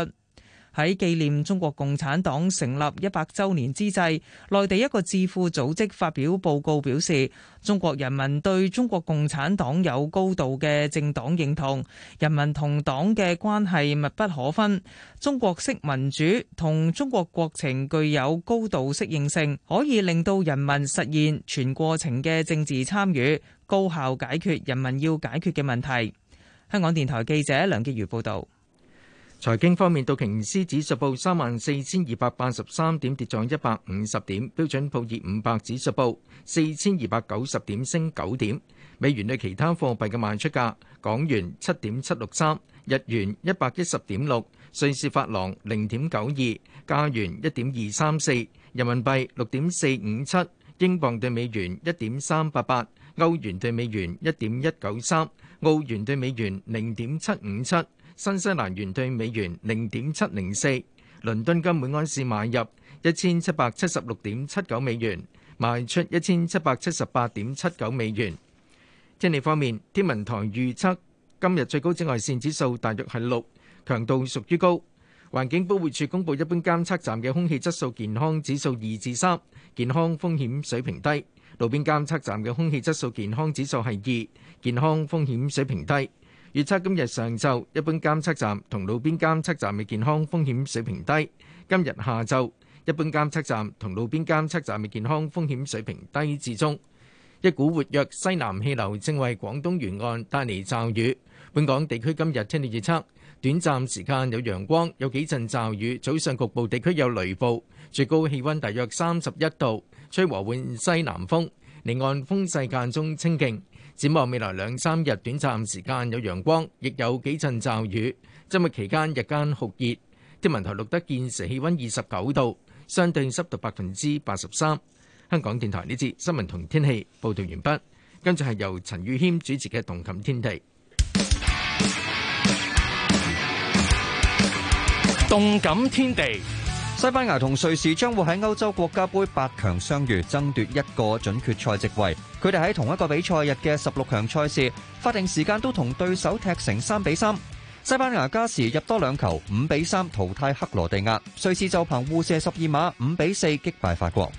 喺紀念中國共產黨成立一百週年之際，內地一個智庫組織發表報告表示，中國人民對中國共產黨有高度嘅政黨認同，人民同黨嘅關係密不可分。中國式民主同中國國情具有高度適應性，可以令到人民實現全過程嘅政治參與，高效解決人民要解決嘅問題。香港電台記者梁潔如報導。財經方面，道瓊斯指數報三萬四千二百八十三點，跌咗一百五十點；標準普爾五百指數報四千二百九十點，升九點。美元對其他貨幣嘅賣出價：港元七點七六三，日元一百一十點六，瑞士法郎零點九二，加元一點二三四，人民幣六點四五七，英鎊對美元一點三八八，歐元對美元一點一九三，澳元對美元零點七五七。新西蘭元對美元零點七零四，倫敦金每安士買入一千七百七十六點七九美元，賣出一千七百七十八點七九美元。天氣方面，天文台預測今日最高紫外線指數大約係六，強度屬於高。環境保護署公布一般監測站嘅空氣質素健康指數二至三，3，健康風險水平低；路邊監測站嘅空氣質素健康指數係二，健康風險水平低。預測今日上晝一般監測站同路邊監測站嘅健康風險水平低。今日下晝一般監測站同路邊監測站嘅健康風險水平低至中。一股活躍西南氣流正為廣東沿岸帶嚟驟雨。本港地區今日及明日天氣預測，短暫時間有陽光，有幾陣驟雨，早上局部地區有雷暴。最高氣温大約三十一度，吹和緩西南風，離岸風勢間中清勁。展望未來兩三日，短暫時間有陽光，亦有幾陣驟雨。周末期間日間酷熱，天文台錄得現時氣溫二十九度，相對濕度百分之八十三。香港電台呢節新聞同天氣報導完畢，跟住係由陳宇謙主持嘅《動感天地》。動感天地。西班牙同瑞士將會喺歐洲國家盃八強相遇，爭奪一個準決賽席位。佢哋喺同一個比賽日嘅十六強賽事，法定時間都同對手踢成三比三。西班牙加時入多兩球，五比三淘汰克羅地亞。瑞士就憑互射十二碼，五比四擊敗法國。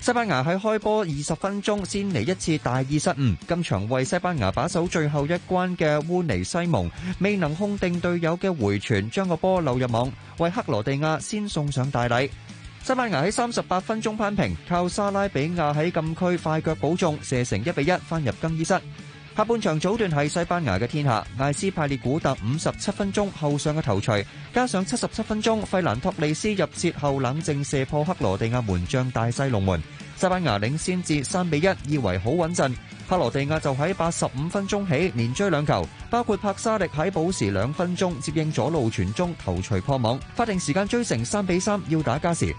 西班牙喺開波二十分鐘先嚟一次大意失誤，今場為西班牙把守最後一關嘅烏尼西蒙未能控定隊友嘅回傳，將個波漏入網，為克羅地亞先送上大禮。西班牙喺三十八分鐘扳平，靠沙拉比亞喺禁區快腳補中射成一比一，翻入更衣室。下半場早段係西班牙嘅天下，艾斯派列古特五十七分鐘後上嘅頭槌，加上七十七分鐘費蘭托利斯入切後冷靜射破克羅地亞門將大勢龍門，西班牙領先至三比一，以為好穩陣。克羅地亞就喺八十五分鐘起連追兩球，包括帕沙力喺補時兩分鐘接應左路傳中頭槌破網，法定時間追成三比三，要打加時。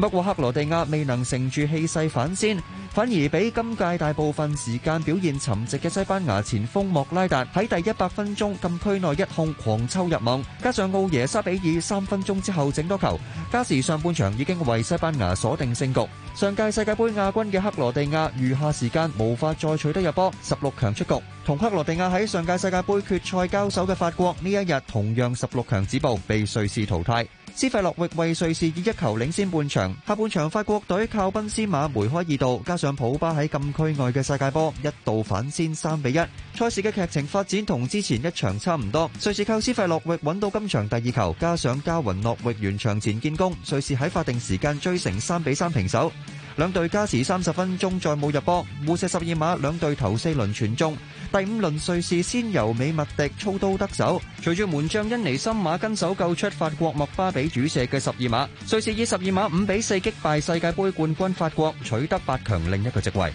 不過克羅地亞未能乘住氣勢反先，反而俾今屆大部分時間表現沉寂嘅西班牙前鋒莫拉達喺第一百分鐘禁區內一控狂抽入網，加上奧耶沙比爾三分鐘之後整多球，加時上半場已經為西班牙鎖定勝局。上屆世界杯亞軍嘅克羅地亞餘下時間無法再取得入波，十六強出局。同克羅地亞喺上屆世界杯決賽交手嘅法國，呢一日同樣十六強止步，被瑞士淘汰。斯費洛域為瑞士以一球領先半場，下半場法國隊靠賓斯馬梅開二度，加上普巴喺禁區外嘅世界波，一度反先三比一。賽事嘅劇情發展同之前一場差唔多，瑞士靠斯費洛域揾到今場第二球，加上加雲諾域完場前建功，瑞士喺法定時間追成三比三平手。兩隊加時三十分鐘再冇入波，互射十二碼，兩隊頭四輪全中，第五輪瑞士先由美麥迪操刀得手，隨住門將恩尼森馬跟手救出法國麥巴比主射嘅十二碼，瑞士以十二碼五比四擊敗世界盃冠軍法國，取得八強另一個席位。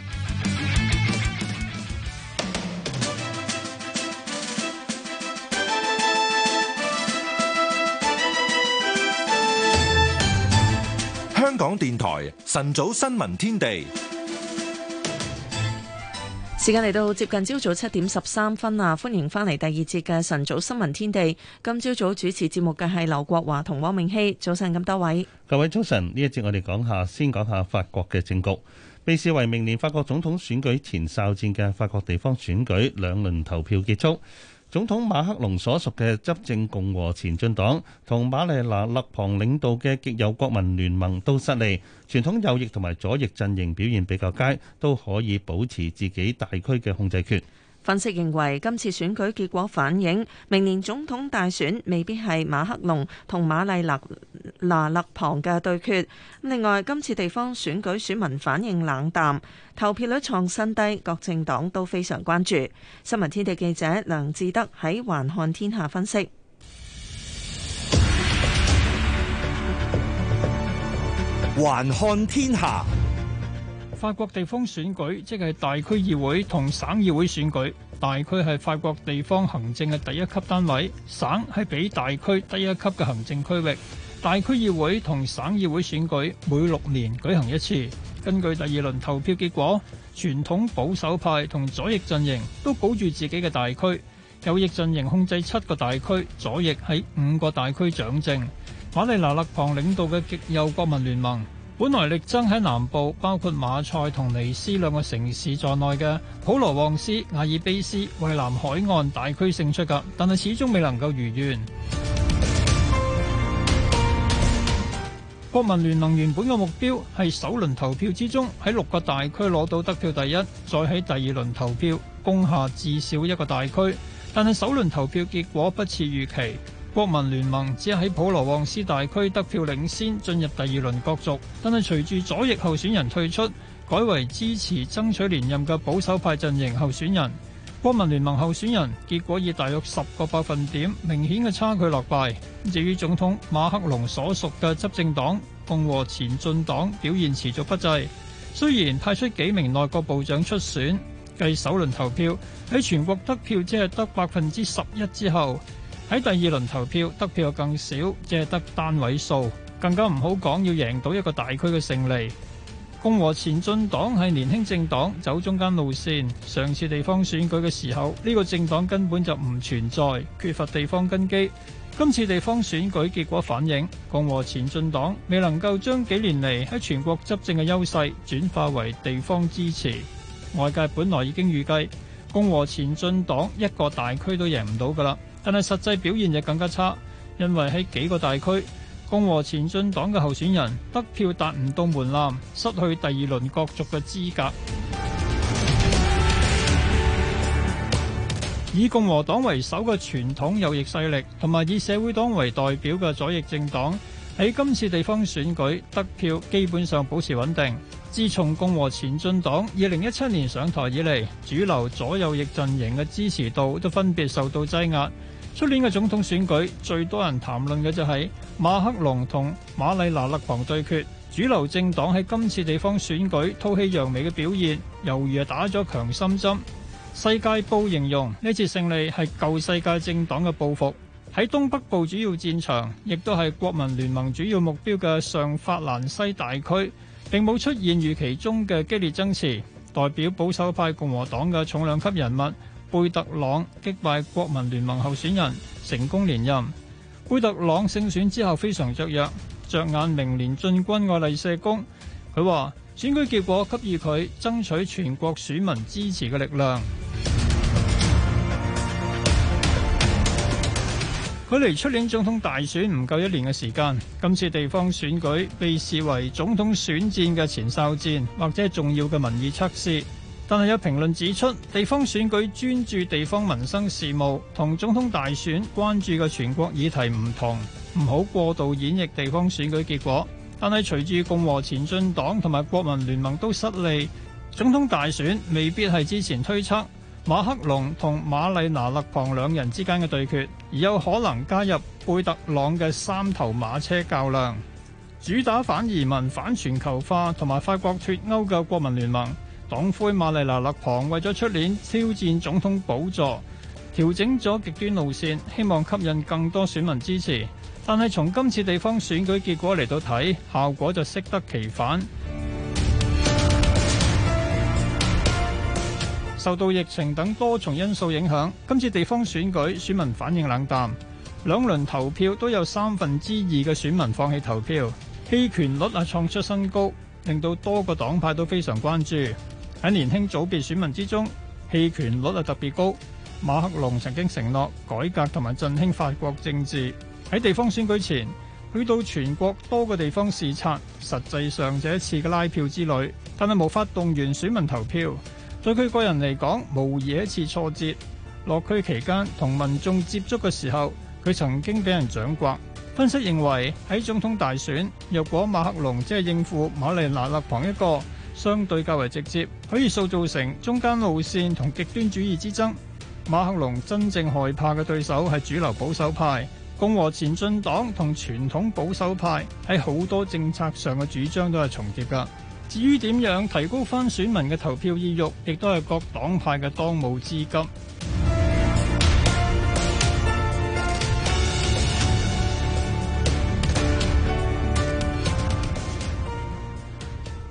台晨早新聞天地，時間嚟到接近朝早七點十三分啦，歡迎翻嚟第二節嘅晨早新聞天地。今朝早主持節目嘅係劉國華同汪明熙。早晨咁多位，各位早晨。呢一節我哋講下，先講下法國嘅政局，被視為明年法國總統選舉前哨戰嘅法國地方選舉兩輪投票結束。總統馬克龍所屬嘅執政共和前進黨同馬麗娜勒龐領導嘅極右國民聯盟都失利，傳統右翼同埋左翼陣營表現比較佳，都可以保持自己大區嘅控制權。分析認為，今次選舉結果反映明年總統大選未必係馬克龍同馬麗娜娜勒龐嘅對決。另外，今次地方選舉選民反應冷淡，投票率創新低，各政黨都非常關注。新聞天地記者梁志德喺環看天下分析。環看天下。法國地方選舉即係大區議會同省議會選舉，大區係法國地方行政嘅第一級單位，省係比大區低一級嘅行政區域。大區議會同省議會選舉每六年舉行一次。根據第二輪投票結果，傳統保守派同左翼陣營都保住自己嘅大區，右翼陣營控制七個大區，左翼喺五個大區掌政。瑪麗娜勒龐領導嘅極右國民聯盟。本來力爭喺南部，包括馬賽同尼斯兩個城市在內嘅普羅旺斯阿爾卑斯蔚藍海岸大區勝出嘅，但係始終未能夠如願。 [noise] 國民聯盟原本嘅目標係首輪投票之中喺六個大區攞到得，得票第一，再喺第二輪投票攻下至少一個大區，但係首輪投票結果不似預期。國民聯盟只喺普羅旺斯大區得票領先，進入第二輪角逐，但係隨住左翼候選人退出，改為支持爭取連任嘅保守派陣營候選人，國民聯盟候選人結果以大約十個百分點明顯嘅差距落敗。至於總統馬克龍所屬嘅執政黨共和前進黨表現持續不濟，雖然派出幾名內閣部長出選，繼首輪投票喺全國得票只係得百分之十一之後。喺第二輪投票得票又更少，即係得單位數，更加唔好講要贏到一個大區嘅勝利。共和前進黨係年輕政黨，走中間路線。上次地方選舉嘅時候，呢個政黨根本就唔存在，缺乏地方根基。今次地方選舉結果反映共和前進黨未能夠將幾年嚟喺全國執政嘅優勢轉化為地方支持。外界本來已經預計共和前進黨一個大區都贏唔到㗎啦。但係實際表現亦更加差，因為喺幾個大區，共和前進黨嘅候選人得票達唔到門檻，失去第二輪角逐嘅資格。以共和黨為首嘅傳統右翼勢力，同埋以社會黨為代表嘅左翼政黨，喺今次地方選舉得票基本上保持穩定。自從共和前進黨二零一七年上台以嚟，主流左右翼陣營嘅支持度都分別受到擠壓。出年嘅總統選舉最多人談論嘅就係馬克龍同馬麗娜勒龐對決。主流政黨喺今次地方選舉吐氣揚眉嘅表現，猶如係打咗強心針。《世界報》形容呢次勝利係舊世界政黨嘅報復。喺東北部主要戰場，亦都係國民聯盟主要目標嘅上法蘭西大區，並冇出現預期中嘅激烈爭持。代表保守派共和黨嘅重量級人物貝特朗擊敗國民聯盟候選人，成功連任。貝特朗勝選之後非常雀躍，着眼明年進軍愛麗舍宮。佢話選舉結果給予佢爭取全國選民支持嘅力量。距離出年總統大選唔夠一年嘅時間，今次地方選舉被視為總統選戰嘅前哨戰，或者重要嘅民意測試。但係有評論指出，地方選舉專注地方民生事務同總統大選關注嘅全國議題唔同，唔好過度演繹地方選舉結果。但係隨住共和前進黨同埋國民聯盟都失利，總統大選未必係之前推測馬克龍同馬麗娜勒龐兩人之間嘅對決，而有可能加入貝特朗嘅三頭馬車較量，主打反移民、反全球化同埋法國脫歐嘅國民聯盟。黨魁瑪麗娜勒龐為咗出年挑戰總統寶座，調整咗極端路線，希望吸引更多選民支持。但係從今次地方選舉結果嚟到睇，效果就適得其反。 [music] 受到疫情等多重因素影響，今次地方選舉選民反應冷淡，兩輪投票都有三分之二嘅選民放棄投票，棄權率啊創出新高，令到多個黨派都非常關注。喺年輕組別選民之中，棄權率啊特別高。馬克龍曾經承諾改革同埋振興法國政治，喺地方選舉前去到全國多個地方視察，實際上這一次嘅拉票之旅，但係無法動員選民投票。對佢個人嚟講，無疑一次挫折。落區期間同民眾接觸嘅時候，佢曾經俾人掌摑。分析認為喺總統大選，若果馬克龍只係應付瑪麗娜勒龐一個。相對較為直接，可以塑造成中間路線同極端主義之爭。馬克龍真正害怕嘅對手係主流保守派、共和前進黨同傳統保守派，喺好多政策上嘅主張都係重疊㗎。至於點樣提高翻選民嘅投票意欲，亦都係各黨派嘅當務之急。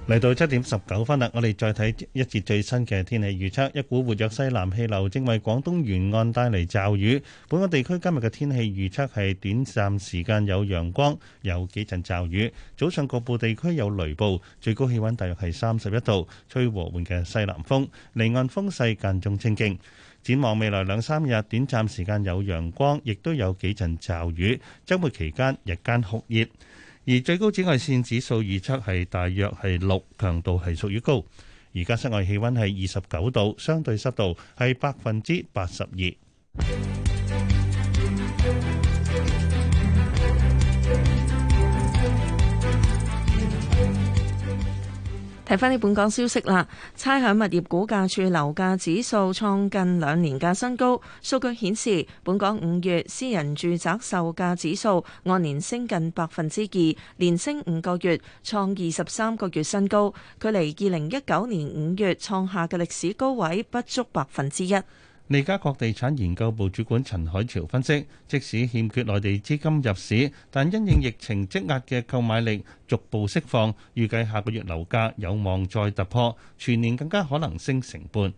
嚟到七點十九分啦，我哋再睇一節最新嘅天氣預測。一股活躍西南氣流正為廣東沿岸帶嚟驟雨。本港地區今日嘅天氣預測係短暫時間有陽光，有幾陣驟雨。早上局部地區有雷暴，最高氣温大約係三十一度，吹和緩嘅西南風，離岸風勢間中清勁。展望未來兩三日，短暫時間有陽光，亦都有幾陣驟雨。周末期間日間酷熱。而最高紫外線指數預測係大約係六，強度係屬於高。而家室外氣温係二十九度，相對濕度係百分之八十二。睇翻啲本港消息啦，差餉物業估價署樓價指數創近兩年嘅新高。數據顯示，本港五月私人住宅售價指數按年升近百分之二，連升五個月，創二十三個月新高，距離二零一九年五月創下嘅歷史高位不足百分之一。利嘉閣地產研究部主管陳海潮分析，即使欠缺內地資金入市，但因應疫情積壓嘅購買力逐步釋放，預計下個月樓價有望再突破，全年更加可能升成半。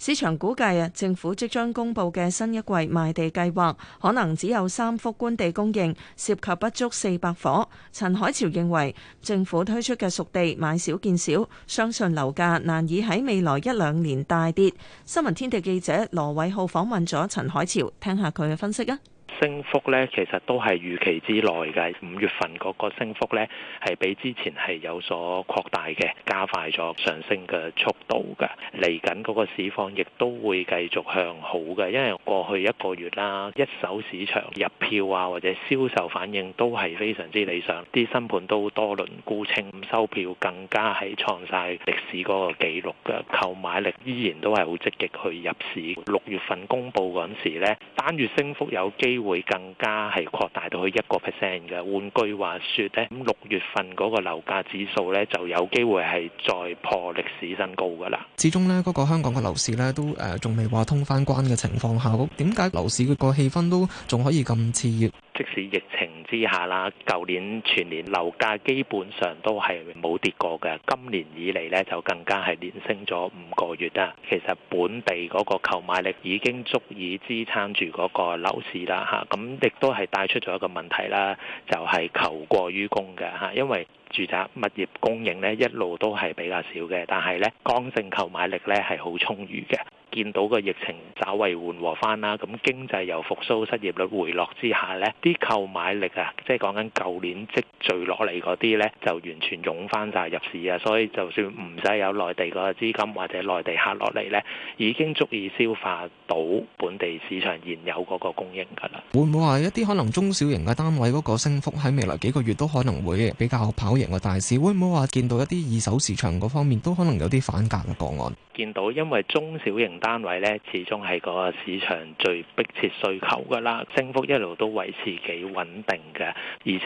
市場估計啊，政府即將公佈嘅新一季賣地計劃，可能只有三幅官地供應，涉及不足四百伙。陳海潮認為，政府推出嘅熟地買少見少，相信樓價難以喺未來一兩年大跌。新聞天地記者羅偉浩訪問咗陳海潮，聽下佢嘅分析啊！升幅咧，其實都係預期之內嘅。五月份嗰個升幅咧，係比之前係有所擴大嘅，加快咗上升嘅速度嘅。嚟緊嗰個市況亦都會繼續向好嘅，因為過去一個月啦，一手市場入票啊，或者銷售反應都係非常之理想，啲新盤都多輪沽清，收票更加係創晒歷史嗰個記錄嘅。購買力依然都係好積極去入市。六月份公布嗰陣時咧，單月升幅有機會。會更加係擴大到去一個 percent 嘅。換句話說咧，咁六月份嗰個樓價指數咧，就有機會係再破歷史新高噶啦。始終咧，嗰、嗰個香港嘅樓市咧，都誒仲未話通返關嘅情況下，點解樓市個氣氛都仲可以咁熾熱？即使疫情之下啦，舊年全年樓價基本上都係冇跌過嘅，今年以嚟咧，就更加係連升咗五個月啦。其實本地嗰個購買力已經足以支撐住嗰個樓市啦，吓、啊，咁、嗯、亦都係帶出咗一個問題啦，就係、是、求過於供嘅吓，因為住宅物業供應咧一路都係比較少嘅，但係咧剛性購買力咧係好充裕嘅。見到個疫情稍為緩和翻啦，咁經濟又復甦，失業率回落之下呢啲購買力啊，即係講緊舊年積聚落嚟嗰啲呢，就完全湧翻晒入市啊！所以就算唔使有內地個資金或者內地客落嚟呢，已經足以消化到本地市場現有嗰個供應㗎啦。會唔會話一啲可能中小型嘅單位嗰個升幅喺未來幾個月都可能會比較跑贏個大市？會唔會話見到一啲二手市場嗰方面都可能有啲反彈嘅個案？見到，因為中小型單位咧，始終係個市場最迫切需求嘅啦，升幅一路都維持幾穩定嘅。而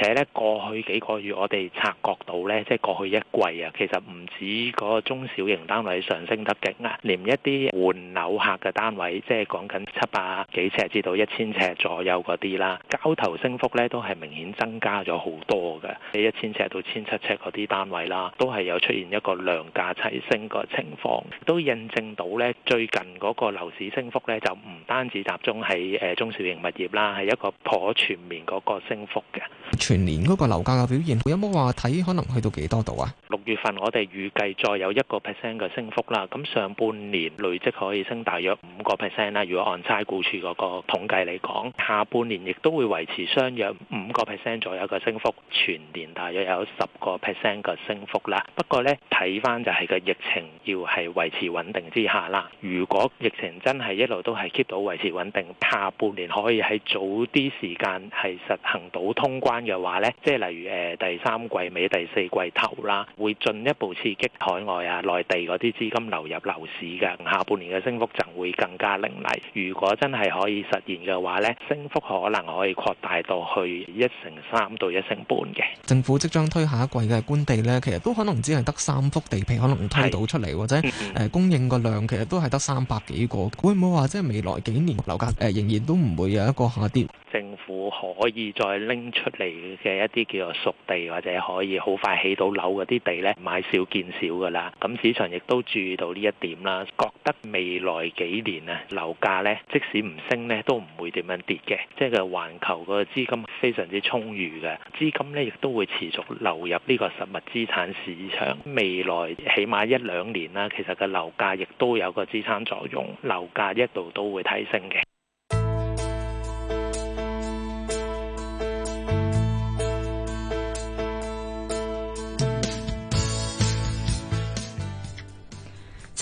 且咧，過去幾個月我哋察覺到咧，即係過去一季啊，其實唔止嗰個中小型單位上升得勁啊，連一啲換樓客嘅單位，即係講緊七百幾尺至到一千尺左右嗰啲啦，交投升幅咧都係明顯增加咗好多嘅。你一千尺到千七尺嗰啲單位啦，都係有出現一個量價齊升個情況，都。印證到咧，最近嗰個樓市升幅咧，就唔單止集中喺誒中小型物業啦，係一個頗全面嗰個升幅嘅。全年嗰個樓價嘅表現有冇話睇，可能去到幾多度啊？六月份我哋預計再有一個 percent 嘅升幅啦。咁上半年累積可以升大約五個 percent 啦。如果按差估署嗰個統計嚟講，下半年亦都會維持相約五個 percent 左右嘅升幅。全年大約有十個 percent 嘅升幅啦。不過咧，睇返就係個疫情要係維持穩定之下啦，如果疫情真係一路都係 keep 到維持穩定，下半年可以喺早啲時間係實行到通關嘅話呢，即係例如誒第三季尾第四季頭啦，會進一步刺激海外啊、內地嗰啲資金流入樓市嘅，下半年嘅升幅就會更加凌厲。如果真係可以實現嘅話呢，升幅可能可以擴大到去一成三到一成半嘅。政府即將推下一季嘅官地呢，其實都可能只係得三幅地皮，可能推到出嚟或者誒。供應個量其實都係得三百幾個，會唔會話即係未來幾年樓價、呃、仍然都唔會有一個下跌？政府可以再拎出嚟嘅一啲叫做熟地或者可以好快起到樓嗰啲地咧，買少見少噶啦。咁市場亦都注意到呢一點啦，覺得未來幾年啊樓價咧，即使唔升咧，都唔會點樣跌嘅。即係環球個資金非常之充裕嘅，資金咧亦都會持續流入呢個實物資產市場，未來起碼一兩年啦，其實個樓價亦都有個支撐作用，樓價一度都會提升嘅。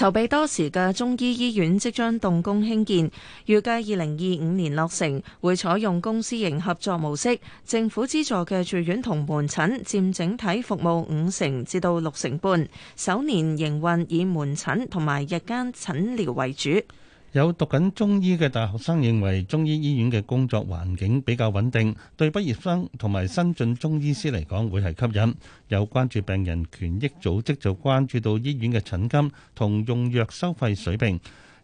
籌備多時嘅中醫醫院即將動工興建，預計二零二五年落成，會採用公私營合作模式，政府資助嘅住院同門診占整體服務五成至到六成半，首年營運以門診同埋日間診療為主。有讀緊中醫嘅大學生認為，中醫醫院嘅工作環境比較穩定，對畢業生同埋新進中醫師嚟講會係吸引。有關注病人權益組織就關注到醫院嘅診金同用藥收費水平。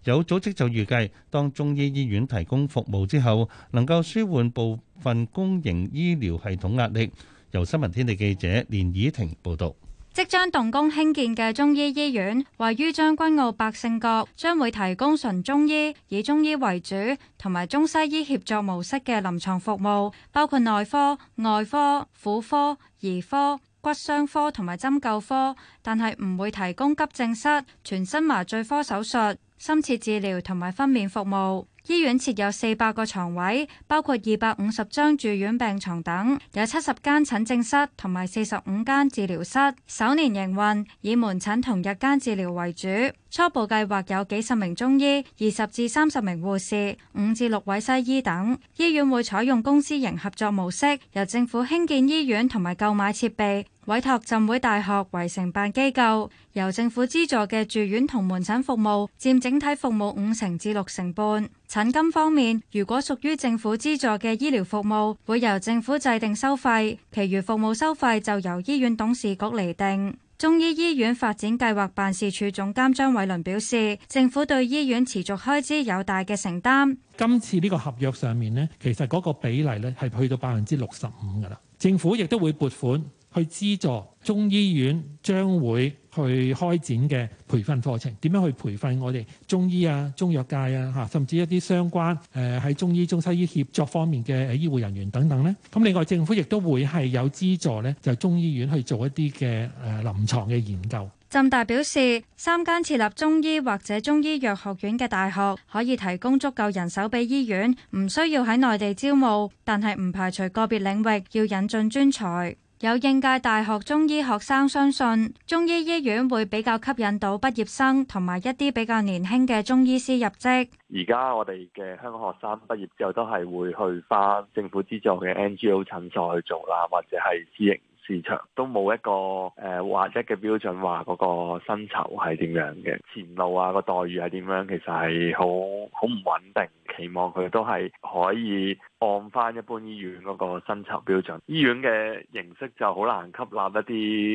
有組織就預計，當中醫醫院提供服務之後，能夠舒緩部分公營醫療系統壓力。由新聞天地記者連以婷報導。即將動工興建嘅中醫醫院位於將軍澳百勝角，將會提供純中醫、以中醫為主同埋中西醫協作模式嘅臨牀服務，包括內科、外科、婦科、兒科、骨傷科同埋針灸科，但係唔會提供急症室、全身麻醉科手術、深切治療同埋分娩服務。醫院設有四百個床位，包括二百五十張住院病床等，有七十間診症室同埋四十五間治療室。首年營運以門診同日間治療為主。初步計劃有幾十名中醫、二十至三十名護士、五至六位西醫等。醫院會採用公私營合作模式，由政府興建醫院同埋購買設備，委託浸會大學為承辦機構。由政府資助嘅住院同門診服務佔整體服務五成至六成半。診金方面，如果屬於政府資助嘅醫療服務，會由政府制定收費，其餘服務收費就由醫院董事局釐定。中醫醫院發展計劃辦事處總監張偉倫表示，政府對醫院持續開支有大嘅承擔。今次呢個合約上面呢，其實嗰個比例呢係去到百分之六十五㗎喇，政府亦都會撥款。去資助中醫院將會去開展嘅培訓課程，點樣去培訓我哋中醫啊、中藥界啊，嚇甚至一啲相關誒喺中醫中西醫協作方面嘅醫護人員等等呢？咁另外，政府亦都會係有資助呢，就中醫院去做一啲嘅誒臨床嘅研究。浸大表示，三間設立中醫或者中醫藥學院嘅大學可以提供足夠人手俾醫院，唔需要喺內地招募，但係唔排除個別領域要引進專才。有應屆大學中醫學生相信，中醫醫院會比較吸引到畢業生同埋一啲比較年輕嘅中醫師入職。而家我哋嘅香港學生畢業之後都係會去返政府資助嘅 NGO 診所去做啦，或者係私營市場都冇一個誒劃一嘅標準話嗰個薪酬係點樣嘅前路啊、嗰個待遇係點樣，其實係好好唔穩定。期望佢都係可以按翻一般醫院嗰個薪酬標準，醫院嘅形式就好難吸納一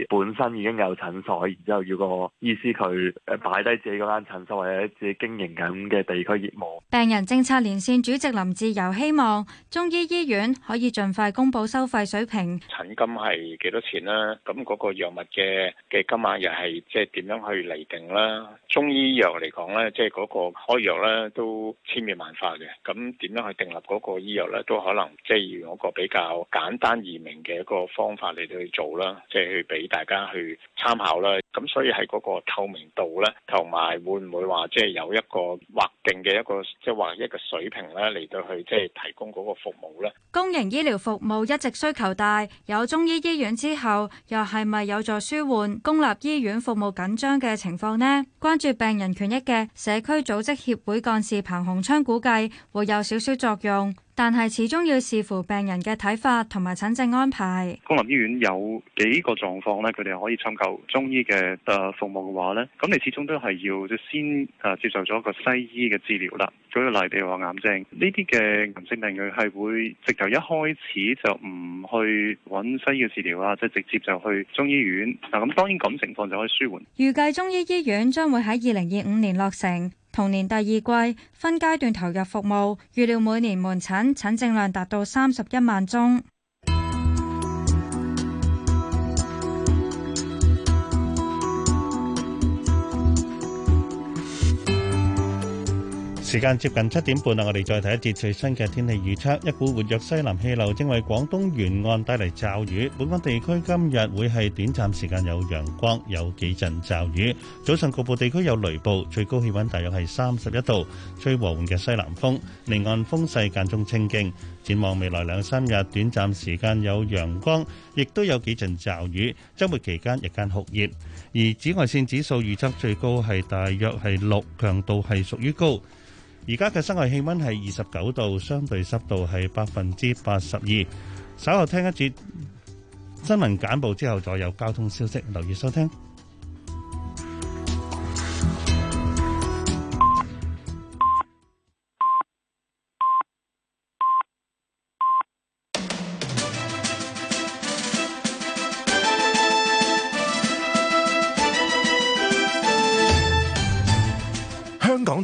啲本身已經有診所，然之後要個醫師佢誒擺低自己嗰間診所或者自己經營緊嘅地區業務。病人政策連線主席林志由希望中醫醫院可以盡快公布收費水平，診金係幾多錢啦？咁嗰個藥物嘅嘅金額又係即係點樣去釐定啦？中醫藥嚟講咧，即係嗰個開藥咧都千變萬。嘅咁點樣去訂立嗰個醫藥咧，都可能即係用一個比較簡單易明嘅一個方法嚟去做啦，即係去俾大家去參考啦。咁所以喺嗰個透明度咧，同埋會唔會話即係有一個劃定嘅一個即係劃一個水平咧嚟到去即係提供嗰個服務咧？公營醫療服務一直需求大，有中醫醫院之後，又係咪有助舒緩公立醫院服務緊張嘅情況呢？關注病人權益嘅社區組織協會幹事彭洪昌估計。會有少少作用，但係始終要視乎病人嘅睇法同埋診症安排。公立醫院有幾個狀況咧，佢哋可以參考中醫嘅誒服務嘅話咧，咁你始終都係要先誒接受咗個西醫嘅治療啦。舉個例，譬如話癌症呢啲嘅癌症病人係會直頭一開始就唔去揾西醫治療啦，即係直接就去中醫院。嗱，咁當然咁情況就可以舒緩。預計中醫醫院將會喺二零二五年落成。同年第二季分階段投入服務，預料每年門診診症量達到三十一萬宗。時間接近七點半啦，我哋再睇一節最新嘅天氣預測。一股活躍西南氣流正為廣東沿岸帶嚟驟雨，本港地區今日會係短暫時間有陽光，有幾陣驟雨。早上局部地區有雷暴，最高氣温大約係三十一度。吹和緩嘅西南風，離岸風勢間中清勁。展望未來兩三日，短暫時間有陽光，亦都有幾陣驟雨。週末期間日間酷熱，而紫外線指數預測最高係大約係六，強度係屬於高。而家嘅室外氣溫係二十九度，相對濕度係百分之八十二。稍後聽一節新聞簡報，之後再有交通消息，留意收聽。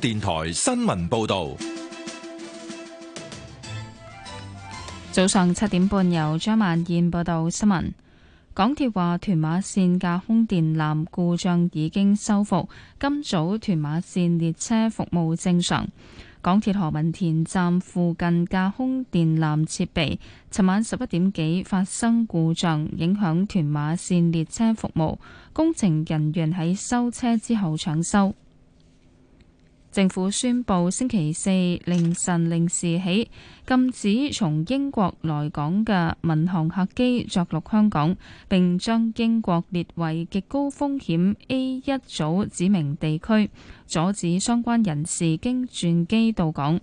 電台新聞報道，早上七點半由張萬燕報道新聞。港鐵話：屯馬線架空電纜故障已經修復，今早屯馬線列車服務正常。港鐵何文田站附近架空電纜設備，尋晚十一點幾發生故障，影響屯馬線列車服務。工程人員喺收車之後搶修。政府宣佈星期四凌晨零時起禁止從英國來港嘅民航客機着陸香港，並將英國列為極高風險 A 一組指明地區，阻止相關人士經轉機到港。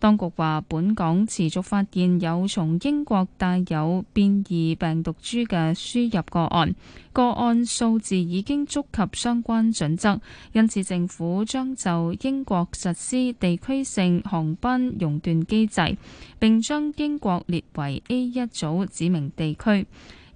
當局話，本港持續發現有從英國帶有變異病毒株嘅輸入個案，個案數字已經觸及相關準則，因此政府將就英國實施地區性航班熔斷機制，並將英國列為 A 一組指明地區。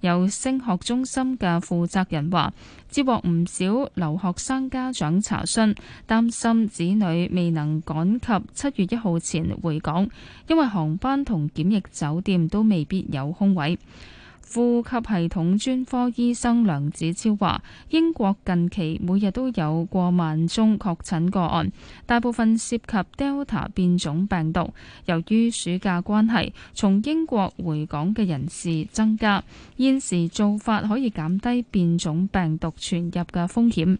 有升學中心嘅負責人話，接獲唔少留學生家長查詢，擔心子女未能趕及七月一號前回港，因為航班同檢疫酒店都未必有空位。呼吸系統專科醫生梁子超話：英國近期每日都有過萬宗確診個案，大部分涉及 Delta 變種病毒。由於暑假關係，從英國回港嘅人士增加，現時做法可以減低變種病毒傳入嘅風險。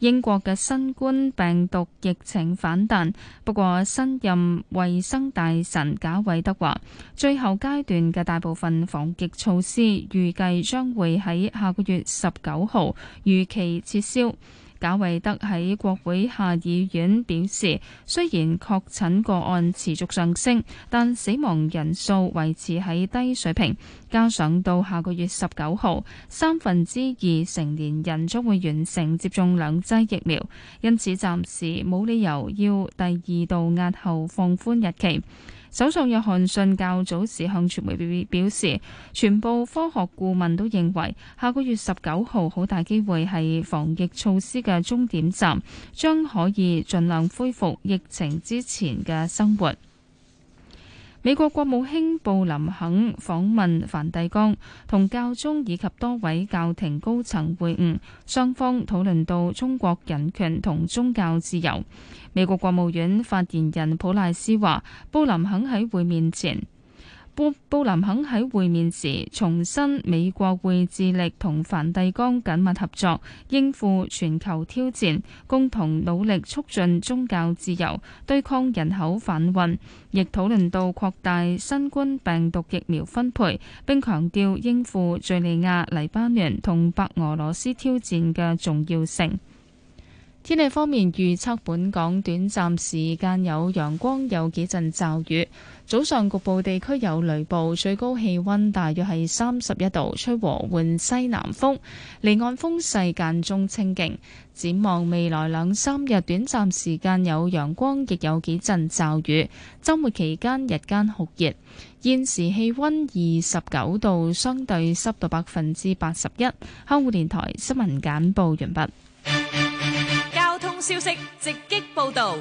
英國嘅新冠病毒疫情反彈，不過新任衛生大臣賈偉德話，最後階段嘅大部分防疫措施預計將會喺下個月十九號如期撤銷。賈維德喺國會下議院表示，雖然確診個案持續上升，但死亡人數維持喺低水平。加上到下個月十九號，三分之二成年人將會完成接種兩劑疫苗，因此暫時冇理由要第二度押後放寬日期。首相約翰遜較早時向傳媒表表示，全部科學顧問都認為下個月十九號好大機會係防疫措施嘅終點站，將可以盡量恢復疫情之前嘅生活。美國國務卿布林肯訪問梵蒂岡，同教宗以及多位教廷高層會晤，雙方討論到中國人權同宗教自由。美國國務院發言人普賴斯話：布林肯喺會面前，布布林肯喺會面時重申美國會致力同梵蒂岡緊密合作，應付全球挑戰，共同努力促進宗教自由、對抗人口販運，亦討論到擴大新冠病毒疫苗分配，並強調應付敘利亞、黎巴嫩同白俄羅斯挑戰嘅重要性。天氣方面預測，本港短暫時間有陽光，有幾陣驟雨。早上局部地區有雷暴，最高氣溫大約係三十一度，吹和緩西南風，離岸風勢間中清勁。展望未來兩三日，短暫時間有陽光，亦有幾陣驟雨。週末期間日間酷熱，現時氣溫二十九度，相對濕度百分之八十一。香港電台新聞簡報完畢。消息直擊報道。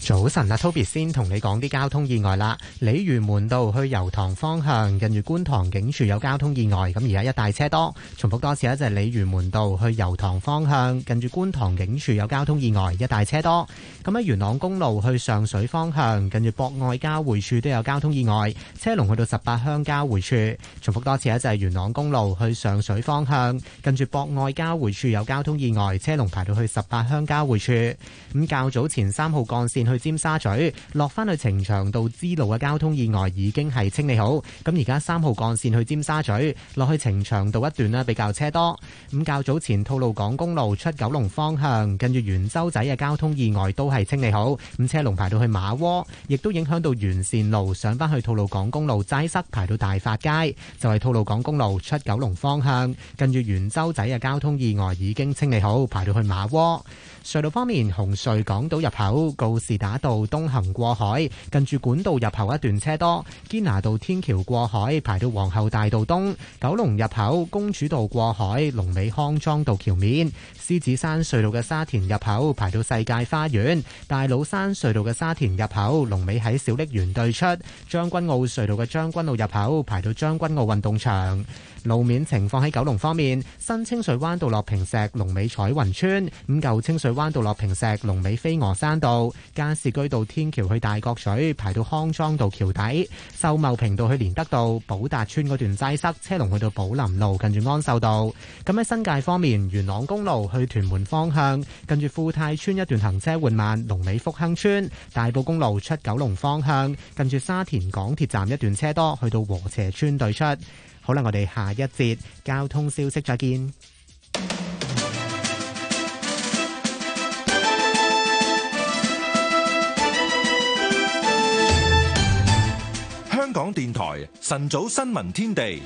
早晨啊，Toby 先同你講啲交通意外啦。鯉魚門道去油塘方向近住觀塘警署有交通意外，咁而家一大車多。重複多次啦，就係、是、鯉魚門道去油塘方向近住觀塘警署有交通意外，一大車多。咁喺元朗公路去上水方向，近住博愛交匯處都有交通意外，車龍去到十八鄉交匯處。重複多次一就係、是、元朗公路去上水方向，近住博愛交匯處有交通意外，車龍排到去十八鄉交匯處。咁較早前三號幹線去尖沙咀落翻去呈祥道支路嘅交通意外已經係清理好。咁而家三號幹線去尖沙咀落去呈祥道一段呢比較車多。咁較早前吐露港公路出九龍方向，近住元洲仔嘅交通意外都。都係清理好，咁車龍排到去馬窩，亦都影響到沿線路上翻去吐露港公路擠塞，排到大發街，就係、是、吐露港公路出九龍方向，近住元洲仔嘅交通意外已經清理好，排到去馬窩。隧道方面，紅隧港島入口告士打道東行過海，近住管道入口一段車多；堅拿道天橋過海排到皇后大道東，九龍入口公主道過海龍尾康莊道橋面；獅子山隧道嘅沙田入口排到世界花園，大老山隧道嘅沙田入口龍尾喺小瀝源對出；將軍澳隧道嘅將軍澳入口排到將軍澳運動場。路面情況喺九龍方面，新清水灣道落坪石龍尾彩雲村，咁舊清水。灣道落坪石，龍尾飛鵝山道、嘉士居道天橋去大角咀，排到康莊道橋底；秀茂坪道去連德道，寶達邨嗰段擠塞，車龍去到寶林路，近住安秀道。咁喺新界方面，元朗公路去屯門方向，近住富泰邨一段行車緩慢；龍尾福亨村，大埔公路出九龍方向，近住沙田港鐵站一段車多，去到禾輋邨對出。好啦，我哋下一節交通消息再見。電台晨早新聞天地，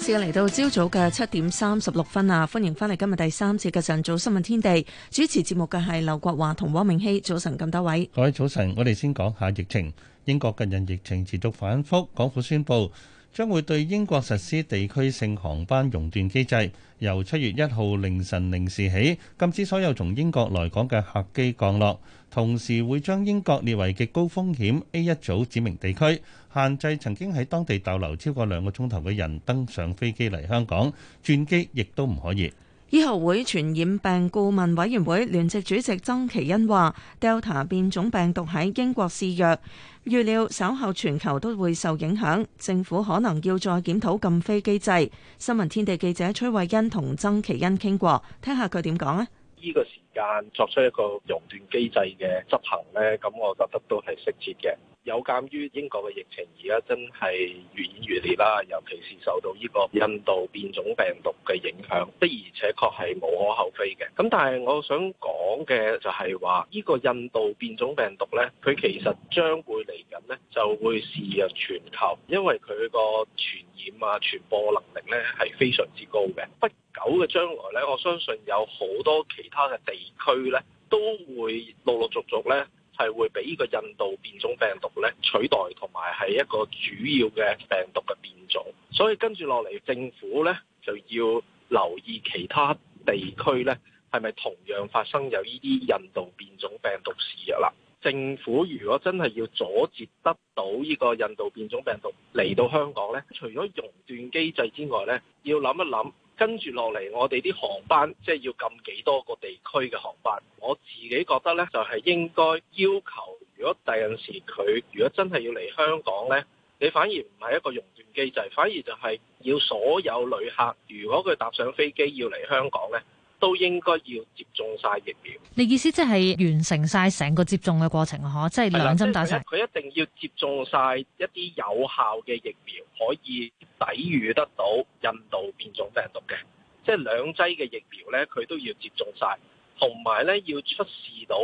時間嚟到朝早嘅七點三十六分啊！歡迎翻嚟，今日第三次嘅晨早新聞天地主持節目嘅係劉國華同汪明熙。早晨，咁多位各位早晨，我哋先講下疫情。英國近日疫情持續反覆，港府宣布將會對英國實施地區性航班熔斷機制，由七月一號凌晨零時起禁止所有從英國來港嘅客機降落，同時會將英國列為極高風險 A 一組指明地區。限制曾經喺當地逗留超過兩個鐘頭嘅人登上飛機嚟香港，轉機亦都唔可以。醫學會傳染病顧問委員會聯席主席曾其恩話，Delta 變種病毒喺英國肆虐，預料稍後全球都會受影響，政府可能要再檢討禁飛機制。新聞天地記者崔慧欣同曾其恩傾過，聽下佢點講呢。呢個時間作出一個熔斷機制嘅執行呢，咁我覺得都係適切嘅。有鑑於英國嘅疫情而家真係愈演愈烈啦，尤其是受到呢個印度變種病毒嘅影響，的而且確係無可厚非嘅。咁但係我想講嘅就係話，呢個印度變種病毒呢，佢其實將會嚟緊呢，就會肆虐全球，因為佢個傳染啊、傳播能力呢係非常之高嘅。不久嘅將來呢，我相信有好多其他嘅地區呢，都會陸陸續續呢。係會俾呢個印度變種病毒咧，取代同埋係一個主要嘅病毒嘅變種，所以跟住落嚟，政府咧就要留意其他地區咧係咪同樣發生有呢啲印度變種病毒事啊啦。政府如果真係要阻截得到呢個印度變種病毒嚟到香港咧，除咗熔斷機制之外咧，要諗一諗。跟住落嚟，我哋啲航班即係要禁幾多個地區嘅航班？我自己覺得咧，就係、是、應該要求，如果第陣時佢如果真係要嚟香港咧，你反而唔係一個熔斷機制，反而就係要所有旅客，如果佢搭上飛機要嚟香港咧。都應該要接種晒疫苗。你意思即係完成晒成個接種嘅過程啊？可的即係兩針打曬。佢一定要接種晒一啲有效嘅疫苗，可以抵禦得到印度變種病毒嘅。即係兩劑嘅疫苗咧，佢都要接種晒。同埋咧，要出示到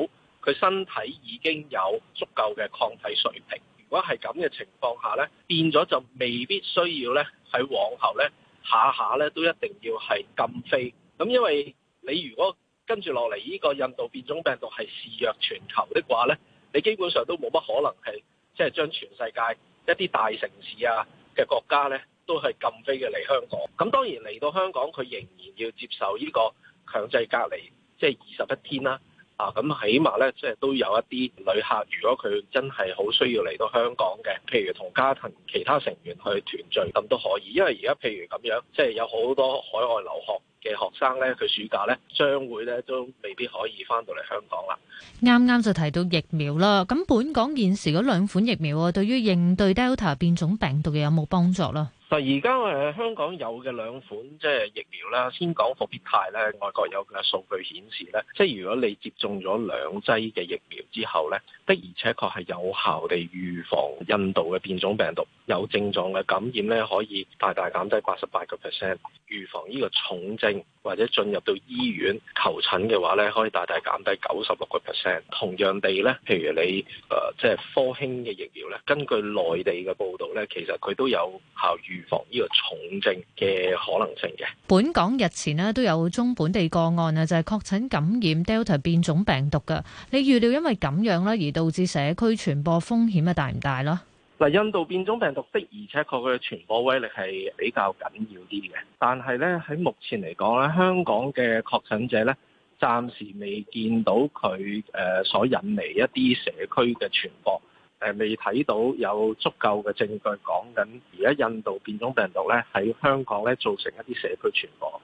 佢身體已經有足夠嘅抗體水平。如果係咁嘅情況下咧，變咗就未必需要咧喺往後咧下下咧都一定要係禁飛。咁、嗯、因為你如果跟住落嚟，呢個印度變種病毒係肆虐全球的話呢，呢你基本上都冇乜可能係即係將全世界一啲大城市啊嘅國家咧，都係禁飛嘅嚟香港。咁當然嚟到香港，佢仍然要接受呢個強制隔離，即係二十一天啦、啊。啊，咁起碼咧，即係都有一啲旅客，如果佢真係好需要嚟到香港嘅，譬如同家庭其他成員去團聚，咁都可以。因為而家譬如咁樣，即係有好多海外留學嘅學生咧，佢暑假咧將會咧都未必可以翻到嚟香港啦。啱啱就提到疫苗啦，咁本港現時嗰兩款疫苗啊，對於應對 Delta 變種病毒嘅有冇幫助啦？嗱，而家誒香港有嘅兩款即係疫苗咧，先講復必泰咧，外國有嘅數據顯示咧，即係如果你接種咗兩劑嘅疫苗之後咧，的而且確係有效地預防印度嘅變種病毒有症狀嘅感染咧，可以大大減低八十八個 percent；預防呢個重症或者進入到醫院求診嘅話咧，可以大大減低九十六個 percent。同樣地咧，譬如你誒、呃、即係科興嘅疫苗咧，根據內地嘅報導咧，其實佢都有效預防呢個重症嘅可能性嘅。本港日前咧都有宗本地個案啊，就係確診感染 Delta 變種病毒嘅。你預料因為噉樣咧而導致社區傳播風險嘅大唔大咯？嗱，印度變種病毒的而且確佢嘅傳播威力係比較緊要啲嘅，但係咧喺目前嚟講咧，香港嘅確診者咧暫時未見到佢誒所引嚟一啲社區嘅傳播，誒未睇到有足夠嘅證據講緊而家印度變種病毒咧喺香港咧造成一啲社區傳播。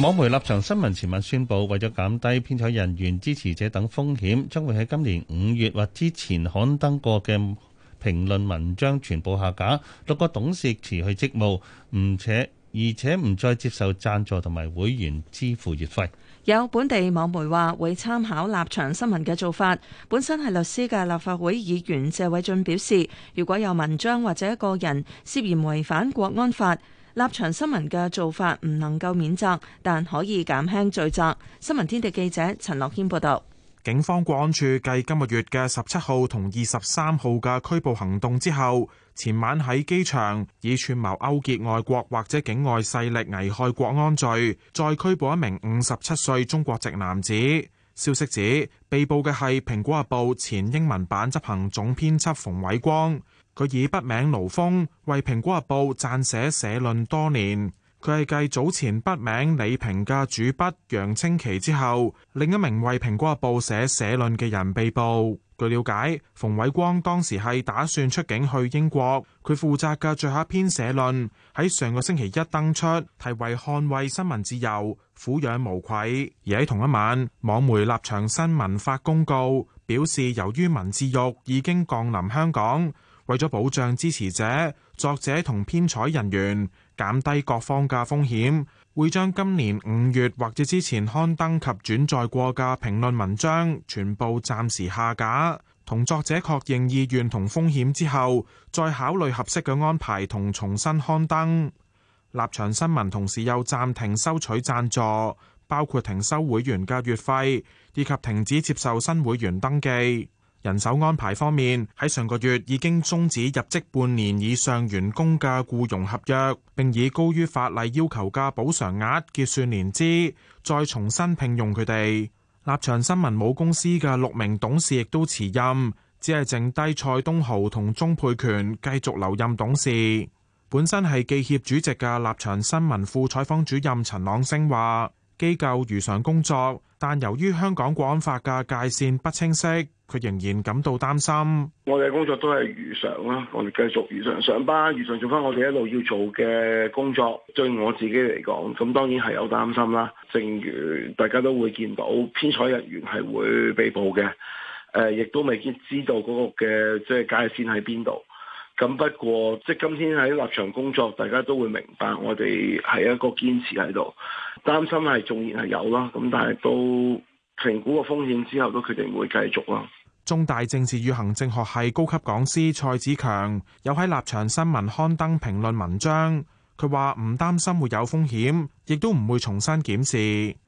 網媒立場新聞前晚宣布，為咗減低編採人員支持者等風險，將會喺今年五月或之前刊登過嘅評論文章全部下架，六個董事辭去職務，唔且而且唔再接受贊助同埋會員支付月費。有本地網媒話會參考立場新聞嘅做法。本身係律師嘅立法會議員謝偉俊表示，如果有文章或者一個人涉嫌違反國安法，立場新聞嘅做法唔能夠免責，但可以減輕罪責。新聞天地記者陳樂謙報道，警方國安處繼今個月嘅十七號同二十三號嘅拘捕行動之後，前晚喺機場以串謀勾結外國或者境外勢力危害國安罪，再拘捕一名五十七歲中國籍男子。消息指，被捕嘅係蘋果日報前英文版執行總編輯馮偉光。佢以筆名盧峰為《蘋果日報》撰寫社論多年。佢係繼早前筆名李平嘅主筆楊清奇之後，另一名為《蘋果日報》寫社論嘅人被捕。據了解，馮偉光當時係打算出境去英國。佢負責嘅最後一篇社論喺上個星期一登出，題為《捍衛新聞自由，撫養無愧》。而喺同一晚，網媒立場新聞發公告表示，由於文字獄已經降臨香港。為咗保障支持者、作者同編採人員，減低各方嘅風險，會將今年五月或者之前刊登及轉載過嘅評論文章全部暫時下架，同作者確認意願同風險之後，再考慮合適嘅安排同重新刊登。立場新聞同時又暫停收取贊助，包括停收會員嘅月費，以及停止接受新會員登記。人手安排方面，喺上個月已經終止入職半年以上員工嘅僱傭合約，並以高於法例要求嘅補償額結算年資，再重新聘用佢哋。立場新聞母公司嘅六名董事亦都辭任，只係剩低蔡東豪同鍾沛權繼續留任董事。本身係記協主席嘅立場新聞副採訪主任陳朗升話，機構如常工作，但由於香港國安法嘅界線不清晰。佢仍然感到擔心。我哋嘅工作都係如常啦，我哋繼續如常上班，如常做翻我哋一路要做嘅工作。對我自己嚟講，咁當然係有擔心啦。正如大家都會見到，編採人員係會被捕嘅。誒、呃，亦都未見知道嗰個嘅即係界線喺邊度。咁、就是、不過即係今天喺立場工作，大家都會明白我哋係一個堅持喺度。擔心係縱然係有啦，咁但係都。評估個風險之後都決定會繼續咯。中大政治與行政學系高級講師蔡子強有喺《立場新聞》刊登評論文章，佢話唔擔心會有風險，亦都唔會重新檢視。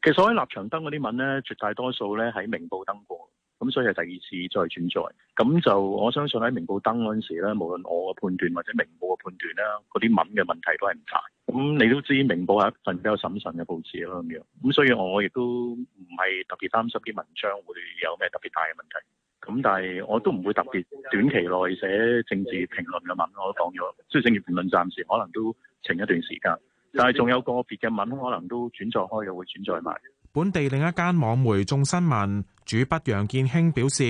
其實喺《立場》登嗰啲文呢，絕大多數咧喺《明報》登過。咁所以係第二次再轉載。咁就我相信喺明報登嗰陣時咧，無論我嘅判斷或者明報嘅判斷啦，嗰啲文嘅問題都係唔大。咁你都知明報係一份比較審慎嘅報紙咯，咁樣。咁所以我亦都唔係特別擔心啲文章會有咩特別大嘅問題。咁但係我都唔會特別短期內寫政治評論嘅文，我都講咗，即係政治評論暫時可能都停一段時間，但係仲有個別嘅文可能都轉載開，又會轉載埋。本地另一間網媒眾新聞主筆楊健興表示：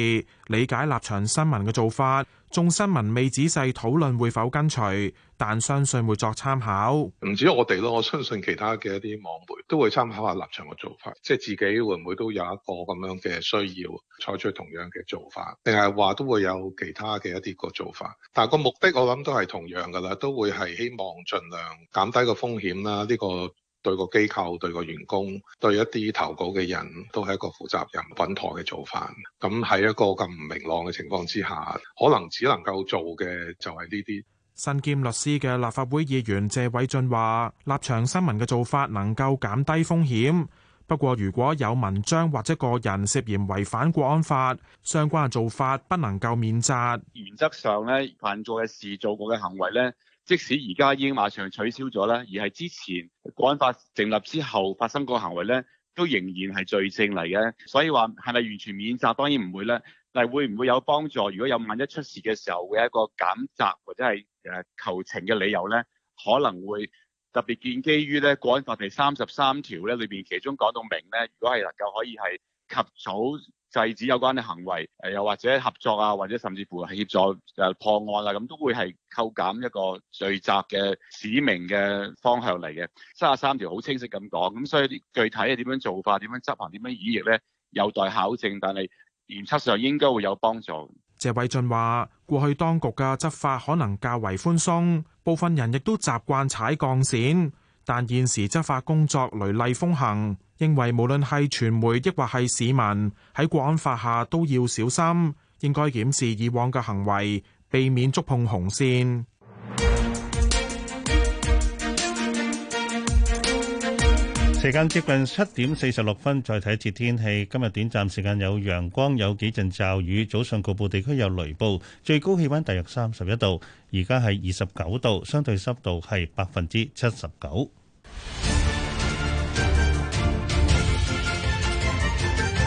理解立場新聞嘅做法，眾新聞未仔細討論會否跟隨，但相信會作參考。唔止我哋咯，我相信其他嘅一啲網媒都會參考下立場嘅做法，即係自己會唔會都有一個咁樣嘅需要採取同樣嘅做法，定係話都會有其他嘅一啲個做法。但個目的我諗都係同樣㗎啦，都會係希望盡量減低個風險啦。呢個對個機構、對個員工、對一啲投稿嘅人都係一個負責任、穩妥嘅做法。咁喺一個咁唔明朗嘅情況之下，可能只能夠做嘅就係呢啲。身兼律師嘅立法會議員謝偉俊話，立場新聞嘅做法能夠減低風險，不過如果有文章或者個人涉嫌違反國安法，相關嘅做法不能夠免責。原則上呢，凡做嘅事、做過嘅行為呢。即使而家已經馬上取消咗啦，而係之前《國安法》成立之後發生過行為咧，都仍然係罪證嚟嘅。所以話係咪完全免責當然唔會咧。但係會唔會有幫助？如果有萬一出事嘅時候會有一個減責或者係誒求情嘅理由咧，可能會特別建基於咧《國安法》第三十三條咧裏邊，其中講到明咧，如果係能夠可以係及早。制止有關嘅行為，誒又或者合作啊，或者甚至乎係協助誒破案啊，咁都會係扣減一個罪責嘅使命嘅方向嚟嘅。三十三條好清晰咁講，咁所以具體係點樣做法、點樣執行、點樣演繹呢？有待考證，但係原則上應該會有幫助。謝偉俊話：過去當局嘅執法可能較為寬鬆，部分人亦都習慣踩鋼線，但現時執法工作雷厲風行。認為無論係傳媒抑或係市民喺國安法下都要小心，應該檢視以往嘅行為，避免觸碰紅線。時間接近七點四十六分，再睇一次天氣。今日短暫時間有陽光，有幾陣驟雨，早上局部地區有雷暴，最高氣溫大約三十一度，而家係二十九度，相對濕度係百分之七十九。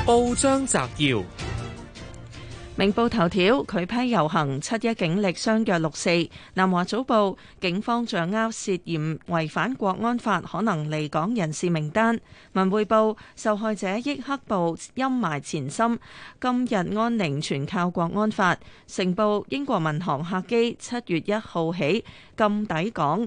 報章摘要：明報頭條拒批遊行，七一警力相約六四。南華早報警方掌握涉,涉嫌違反國安法可能離港人士名單。文匯報受害者憶黑暴陰霾纏身，今日安寧全靠國安法。成報英國民航客機七月一號起禁抵港。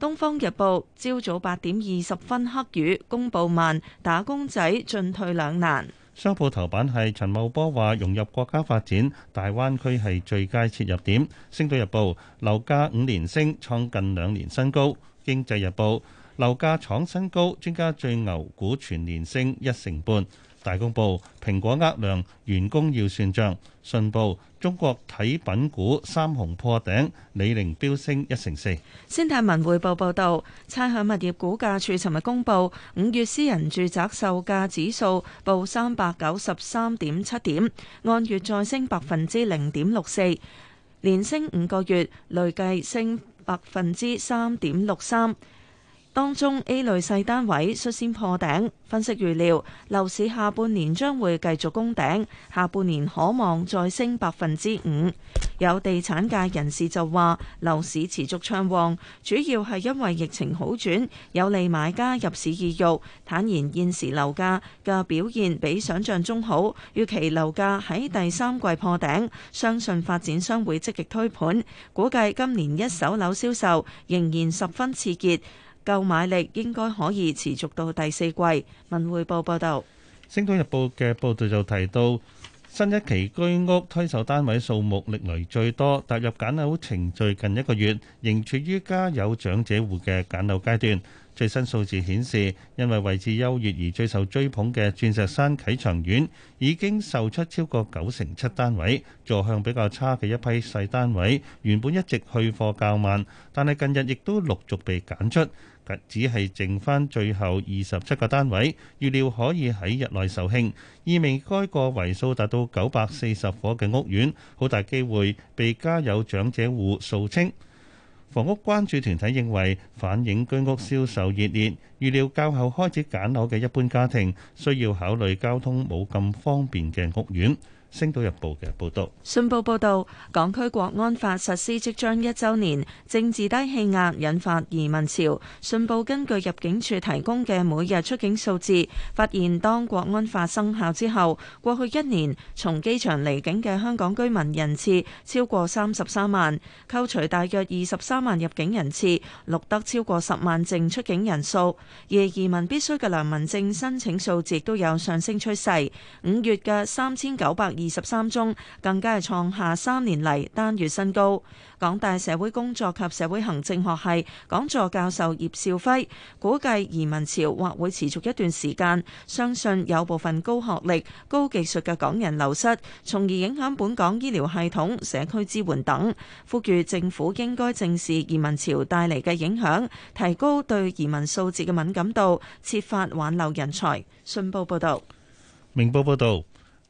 東方日報朝早八點二十分黑雨公布慢，打工仔進退兩難。商報頭版係陳茂波話，融入國家發展大灣區係最佳切入點。星島日報樓價五年升，創近兩年新高。經濟日報樓價創新高，專家最牛股全年升一成半。大公報蘋果額量員工要算賬。信報中國體品股三雄破頂，李寧飆升一成四。先睇文匯報報道，差餉物業估價署尋日公布，五月私人住宅售價指數報三百九十三點七點，按月再升百分之零點六四，連升五個月，累計升百分之三點六三。當中 A 類細單位率先破頂，分析預料樓市下半年將會繼續攻頂，下半年可望再升百分之五。有地產界人士就話，樓市持續暢旺，主要係因為疫情好轉，有利買家入市意欲。坦言現時樓價嘅表現比想像中好，預期樓價喺第三季破頂，相信發展商會積極推盤，估計今年一手樓銷售仍然十分刺激。購買力應該可以持續到第四季。文匯報報導，《星島日報》嘅報道就提到，新一期居屋推售單位數目歷來最多，踏入揀樓程序近一個月，仍處於家有長者戶嘅揀樓階段。最新數字顯示，因為位置優越而最受追捧嘅鑽石山啟祥苑已經售出超過九成七單位。坐向比較差嘅一批細單位，原本一直去貨較慢，但係近日亦都陸續被揀出。只係剩翻最後二十七個單位，預料可以喺日內售罄，意味該個為數達到九百四十伙嘅屋苑，好大機會被家有長者戶掃清。房屋關注團體認為反映居屋銷售熱烈，預料較後開始揀樓嘅一般家庭需要考慮交通冇咁方便嘅屋苑。星島日報嘅報道，信報報道，港區國安法實施即將一周年，政治低氣壓引發移民潮。信報根據入境處提供嘅每日出境數字，發現，當國安法生效之後，過去一年從機場離境嘅香港居民人次超過三十三萬，扣除大約二十三萬入境人次，錄得超過十萬淨出境人數，而移民必須嘅良民證申請數字都有上升趨勢，五月嘅三千九百二，二十三宗，更加係創下三年嚟單月新高。港大社會工作及社會行政學系講座教授葉兆輝估計移民潮或會持續一段時間，相信有部分高學歷高技術嘅港人流失，從而影響本港醫療系統社區支援等。呼籲政府應該正視移民潮帶嚟嘅影響，提高對移民數字嘅敏感度，設法挽留人才。信報報道明報報道。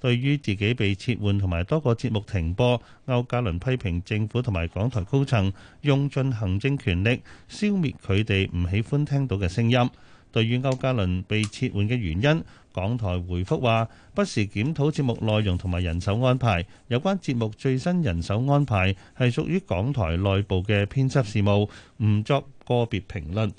對於自己被撤換同埋多個節目停播，歐嘉倫批評政府同埋港台高層用盡行政權力消滅佢哋唔喜歡聽到嘅聲音。對於歐嘉倫被撤換嘅原因，港台回覆話不時檢討節目內容同埋人手安排，有關節目最新人手安排係屬於港台內部嘅編輯事務，唔作個別評論。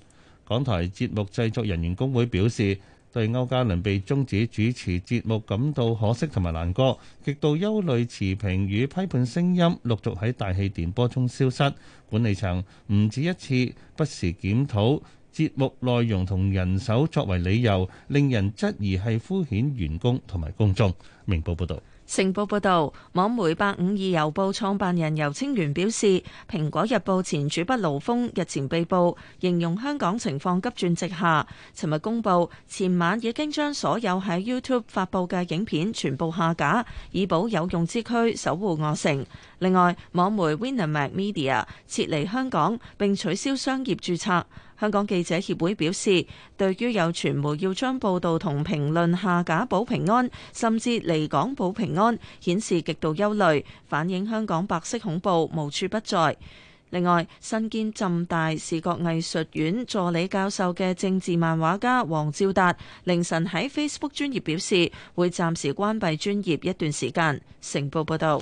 港台節目製作人員工會表示，對歐家倫被終止主持節目感到可惜同埋難過，極度憂慮持平與批判聲音陸續喺大氣電波中消失。管理層唔止一次不時檢討節目內容同人手，作為理由令人質疑係敷衍員工同埋公眾。明報報導。成報報導，網媒八五二郵報創辦人游清源表示，蘋果日報前主筆盧峯日前被捕，形容香港情況急轉直下。尋日公佈，前晚已經將所有喺 YouTube 發布嘅影片全部下架，以保有用之軀，守護我城。另外，網媒 Winandmac Media 撤離香港並取消商業註冊。香港記者協會表示，對於有傳媒要將報導同評論下架保平安，甚至離港保平安，顯示極度憂慮，反映香港白色恐怖無處不在。另外，身兼浸大視覺藝術院助理教授嘅政治漫畫家黃照達凌晨喺 Facebook 專頁表示，會暫時關閉專頁一段時間。成報報道。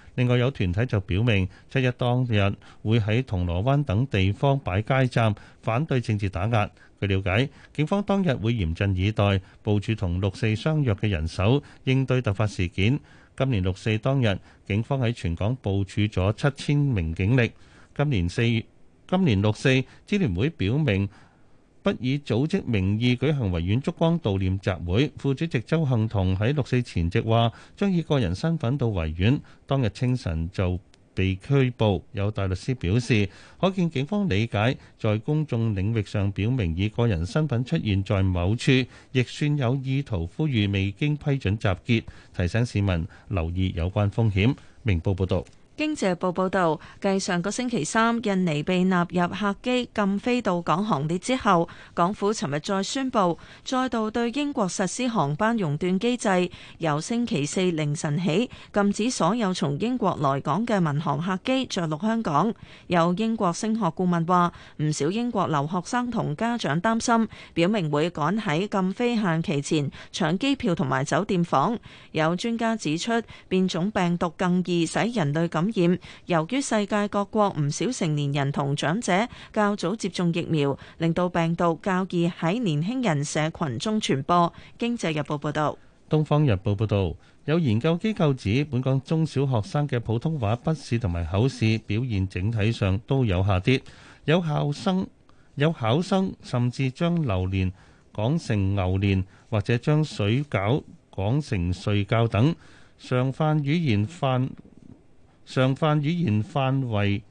另外有團體就表明，七一當日會喺銅鑼灣等地方擺街站，反對政治打壓。據瞭解，警方當日會嚴陣以待，部署同六四相若嘅人手應對突發事件。今年六四當日，警方喺全港部署咗七千名警力。今年四、今年六四，支聯會表明，不以組織名義舉行維園燭光悼念集會，副主席周幸彤喺六四前夕話將以個人身份到維園。當日清晨就被拘捕。有大律師表示，可見警方理解，在公眾領域上表明以個人身份出現在某處，亦算有意圖呼籲未經批准集結，提醒市民留意有關風險。明報報道。《經濟報，報道》報導，繼上個星期三印尼被納入客機禁飛到港行列之後，港府尋日再宣布再度對英國實施航班熔斷機制，由星期四凌晨起禁止所有從英國來港嘅民航客機著陸香港。有英國升學顧問話，唔少英國留學生同家長擔心，表明會趕喺禁飛限期前搶機票同埋酒店房。有專家指出，變種病毒更易使人類感感染，由於世界各國唔少成年人同長者較早接種疫苗，令到病毒較易喺年輕人社群中傳播。《經濟日報》報導，《東方日報》報導，有研究機構指，本港中小學生嘅普通話筆試同埋口試表現整體上都有下跌，有考生有考生甚至將榴槤講成牛槤，或者將水餃講成睡覺等，常犯語言犯。常犯語言範圍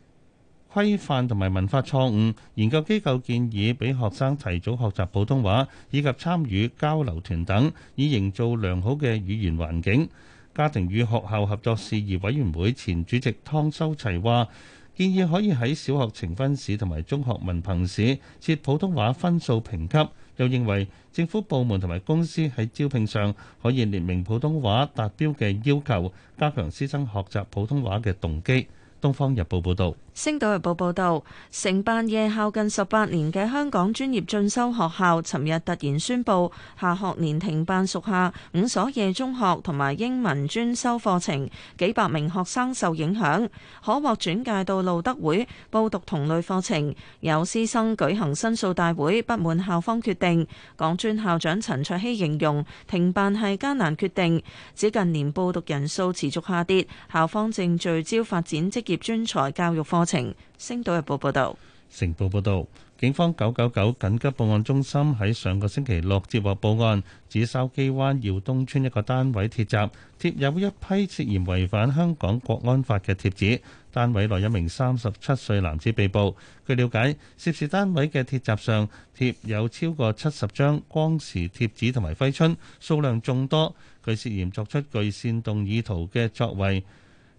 規範同埋文法錯誤，研究機構建議俾學生提早學習普通話，以及參與交流團等，以營造良好嘅語言環境。家庭與學校合作事宜委員會前主席湯修齊話，建議可以喺小學呈分試同埋中學文憑試設普通話分數評級。又認為政府部門同埋公司喺招聘上可以列明普通話達標嘅要求，加強師生學習普通話嘅動機。《東方日報》報導。《星島日報》報導，承辦夜校近十八年嘅香港專業進修學校，尋日突然宣布下學年停辦屬下五所夜中學同埋英文專修課程，幾百名學生受影響，可獲轉介到路德會報讀同類課程。有師生舉行申訴大會，不滿校方決定。港專校長陳卓希形容停辦係艱難決定，指近年報讀人數持續下跌，校方正聚焦發展職業專才教育課程。《星島日報》報道，《成報》報道，警方999緊急報案中心喺上個星期六接獲報案，指筲箕灣耀東邨一個單位鐵閘貼有一批涉嫌違反香港國安法嘅貼紙，單位內一名三十七歲男子被捕。據了解，涉事單位嘅鐵閘上貼有超過七十張光時貼紙同埋揮春，數量眾多，佢涉嫌作出具煽動意圖嘅作為。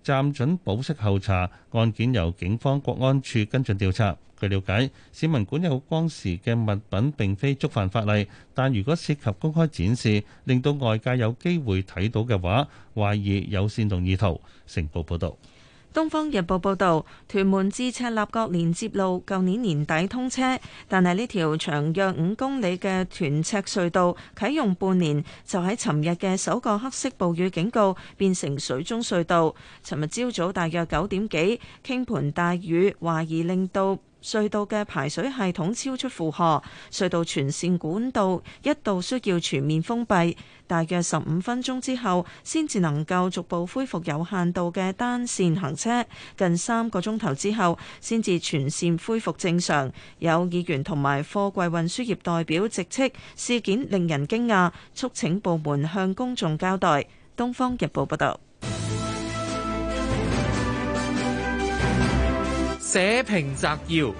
暫准保釋候查，案件由警方國安處跟進調查。據了解，市民管有光時嘅物品並非觸犯法例，但如果涉及公開展示，令到外界有機會睇到嘅話，懷疑有煽動意圖。成報報道。《東方日報》報導，屯門至赤鱲角連接路舊年年底通車，但係呢條長約五公里嘅屯赤隧道啟用半年，就喺尋日嘅首個黑色暴雨警告變成水中隧道。尋日朝早大約九點幾，傾盆大雨，懷疑令到隧道嘅排水系統超出負荷，隧道全線管道一度需要全面封閉，大約十五分鐘之後先至能夠逐步恢復有限度嘅單線行車，近三個鐘頭之後先至全線恢復正常。有議員同埋貨櫃運輸業代表直斥事件令人驚訝，促請部門向公眾交代。《東方日報》報道。社評摘要，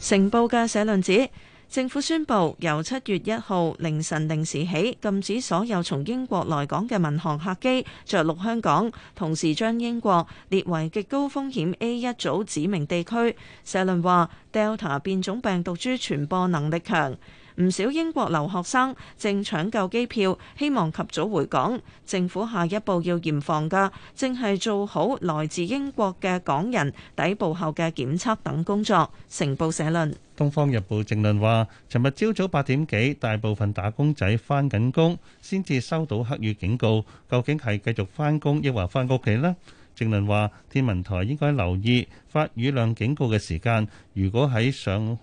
成報嘅社論指，政府宣佈由七月一號凌晨零時起禁止所有從英國來港嘅民航客機着陸香港，同時將英國列為極高風險 A 一組指明地區。社論話，Delta 變種病毒株傳播能力強。唔少英國留學生正搶購機票，希望及早回港。政府下一步要嚴防嘅，正係做好來自英國嘅港人抵埗後嘅檢測等工作。成報社論，《東方日報》正論話，尋日朝早八點幾，大部分打工仔返緊工，先至收到黑雨警告。究竟係繼續返工，抑或返屋企呢？正論話：天文台應該留意發雨量警告嘅時間，如果喺上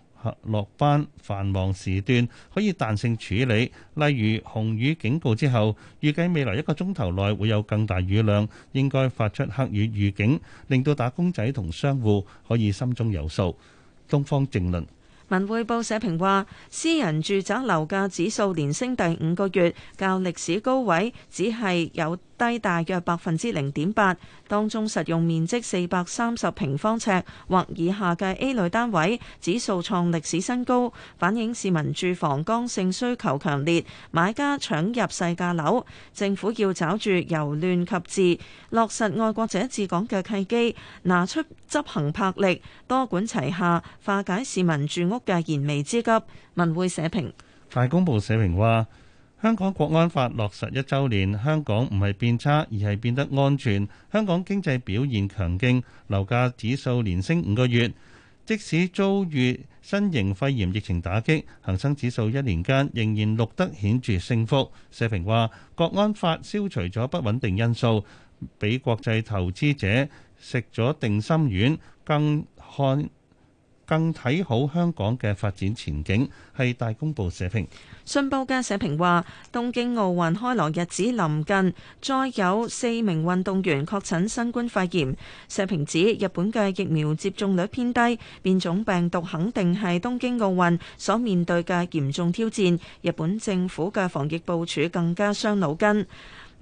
落班繁忙時段可以彈性處理，例如紅雨警告之後，預計未來一個鐘頭內會有更大雨量，應該發出黑雨預警，令到打工仔同商戶可以心中有數。東方正論。文匯報社評話，私人住宅樓價指數連升第五個月，較歷史高位只係有。低大約百分之零點八，當中實用面積四百三十平方尺或以下嘅 A 類單位指數創歷史新高，反映市民住房剛性需求強烈，買家搶入細價樓。政府要抓住由亂及治，落實愛國者治港嘅契機，拿出執行魄力，多管齊下，化解市民住屋嘅燃眉之急。文匯社評，大公報社評話。香港國安法落實一週年，香港唔係變差，而係變得安全。香港經濟表現強勁，樓價指數連升五個月。即使遭遇新型肺炎疫情打擊，恒生指數一年間仍然錄得顯著升幅。社評話，國安法消除咗不穩定因素，俾國際投資者食咗定心丸，更看。更睇好香港嘅發展前景，係大公報社評。信報嘅社評話東京奧運開鑼日子臨近，再有四名運動員確診新冠肺炎。社評指日本嘅疫苗接種率偏低，變種病毒肯定係東京奧運所面對嘅嚴重挑戰，日本政府嘅防疫部署更加傷腦筋。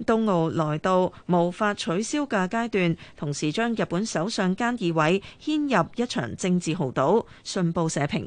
東奧來到無法取消嘅階段，同時將日本首相菅義偉牽入一場政治豪賭。信報社評。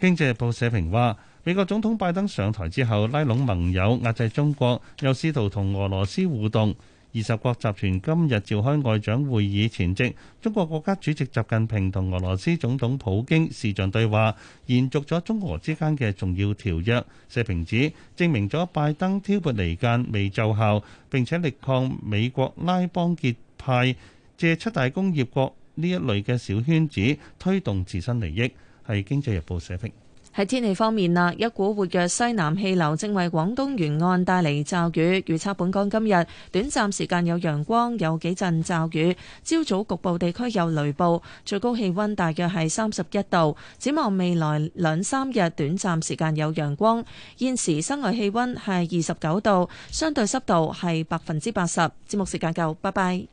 經濟日報社評話，美國總統拜登上台之後，拉攏盟友壓制中國，又試圖同俄羅斯互動。二十國集團今日召開外長會議前夕，中國國家主席習近平同俄羅斯總統普京視像對話，延續咗中俄之間嘅重要條約。社評指，證明咗拜登挑撥離間未奏效，並且力抗美國拉幫結派、借七大工業國呢一類嘅小圈子推動自身利益，係《經濟日報》社評。喺天氣方面啦，一股活躍西南氣流正為廣東沿岸帶嚟驟雨。預測本港今日短暫時間有陽光，有幾陣驟雨，朝早局部地區有雷暴，最高氣溫大約係三十一度。展望未來兩三日短暫時間有陽光。現時室外氣溫係二十九度，相對濕度係百分之八十。節目時間夠，拜拜。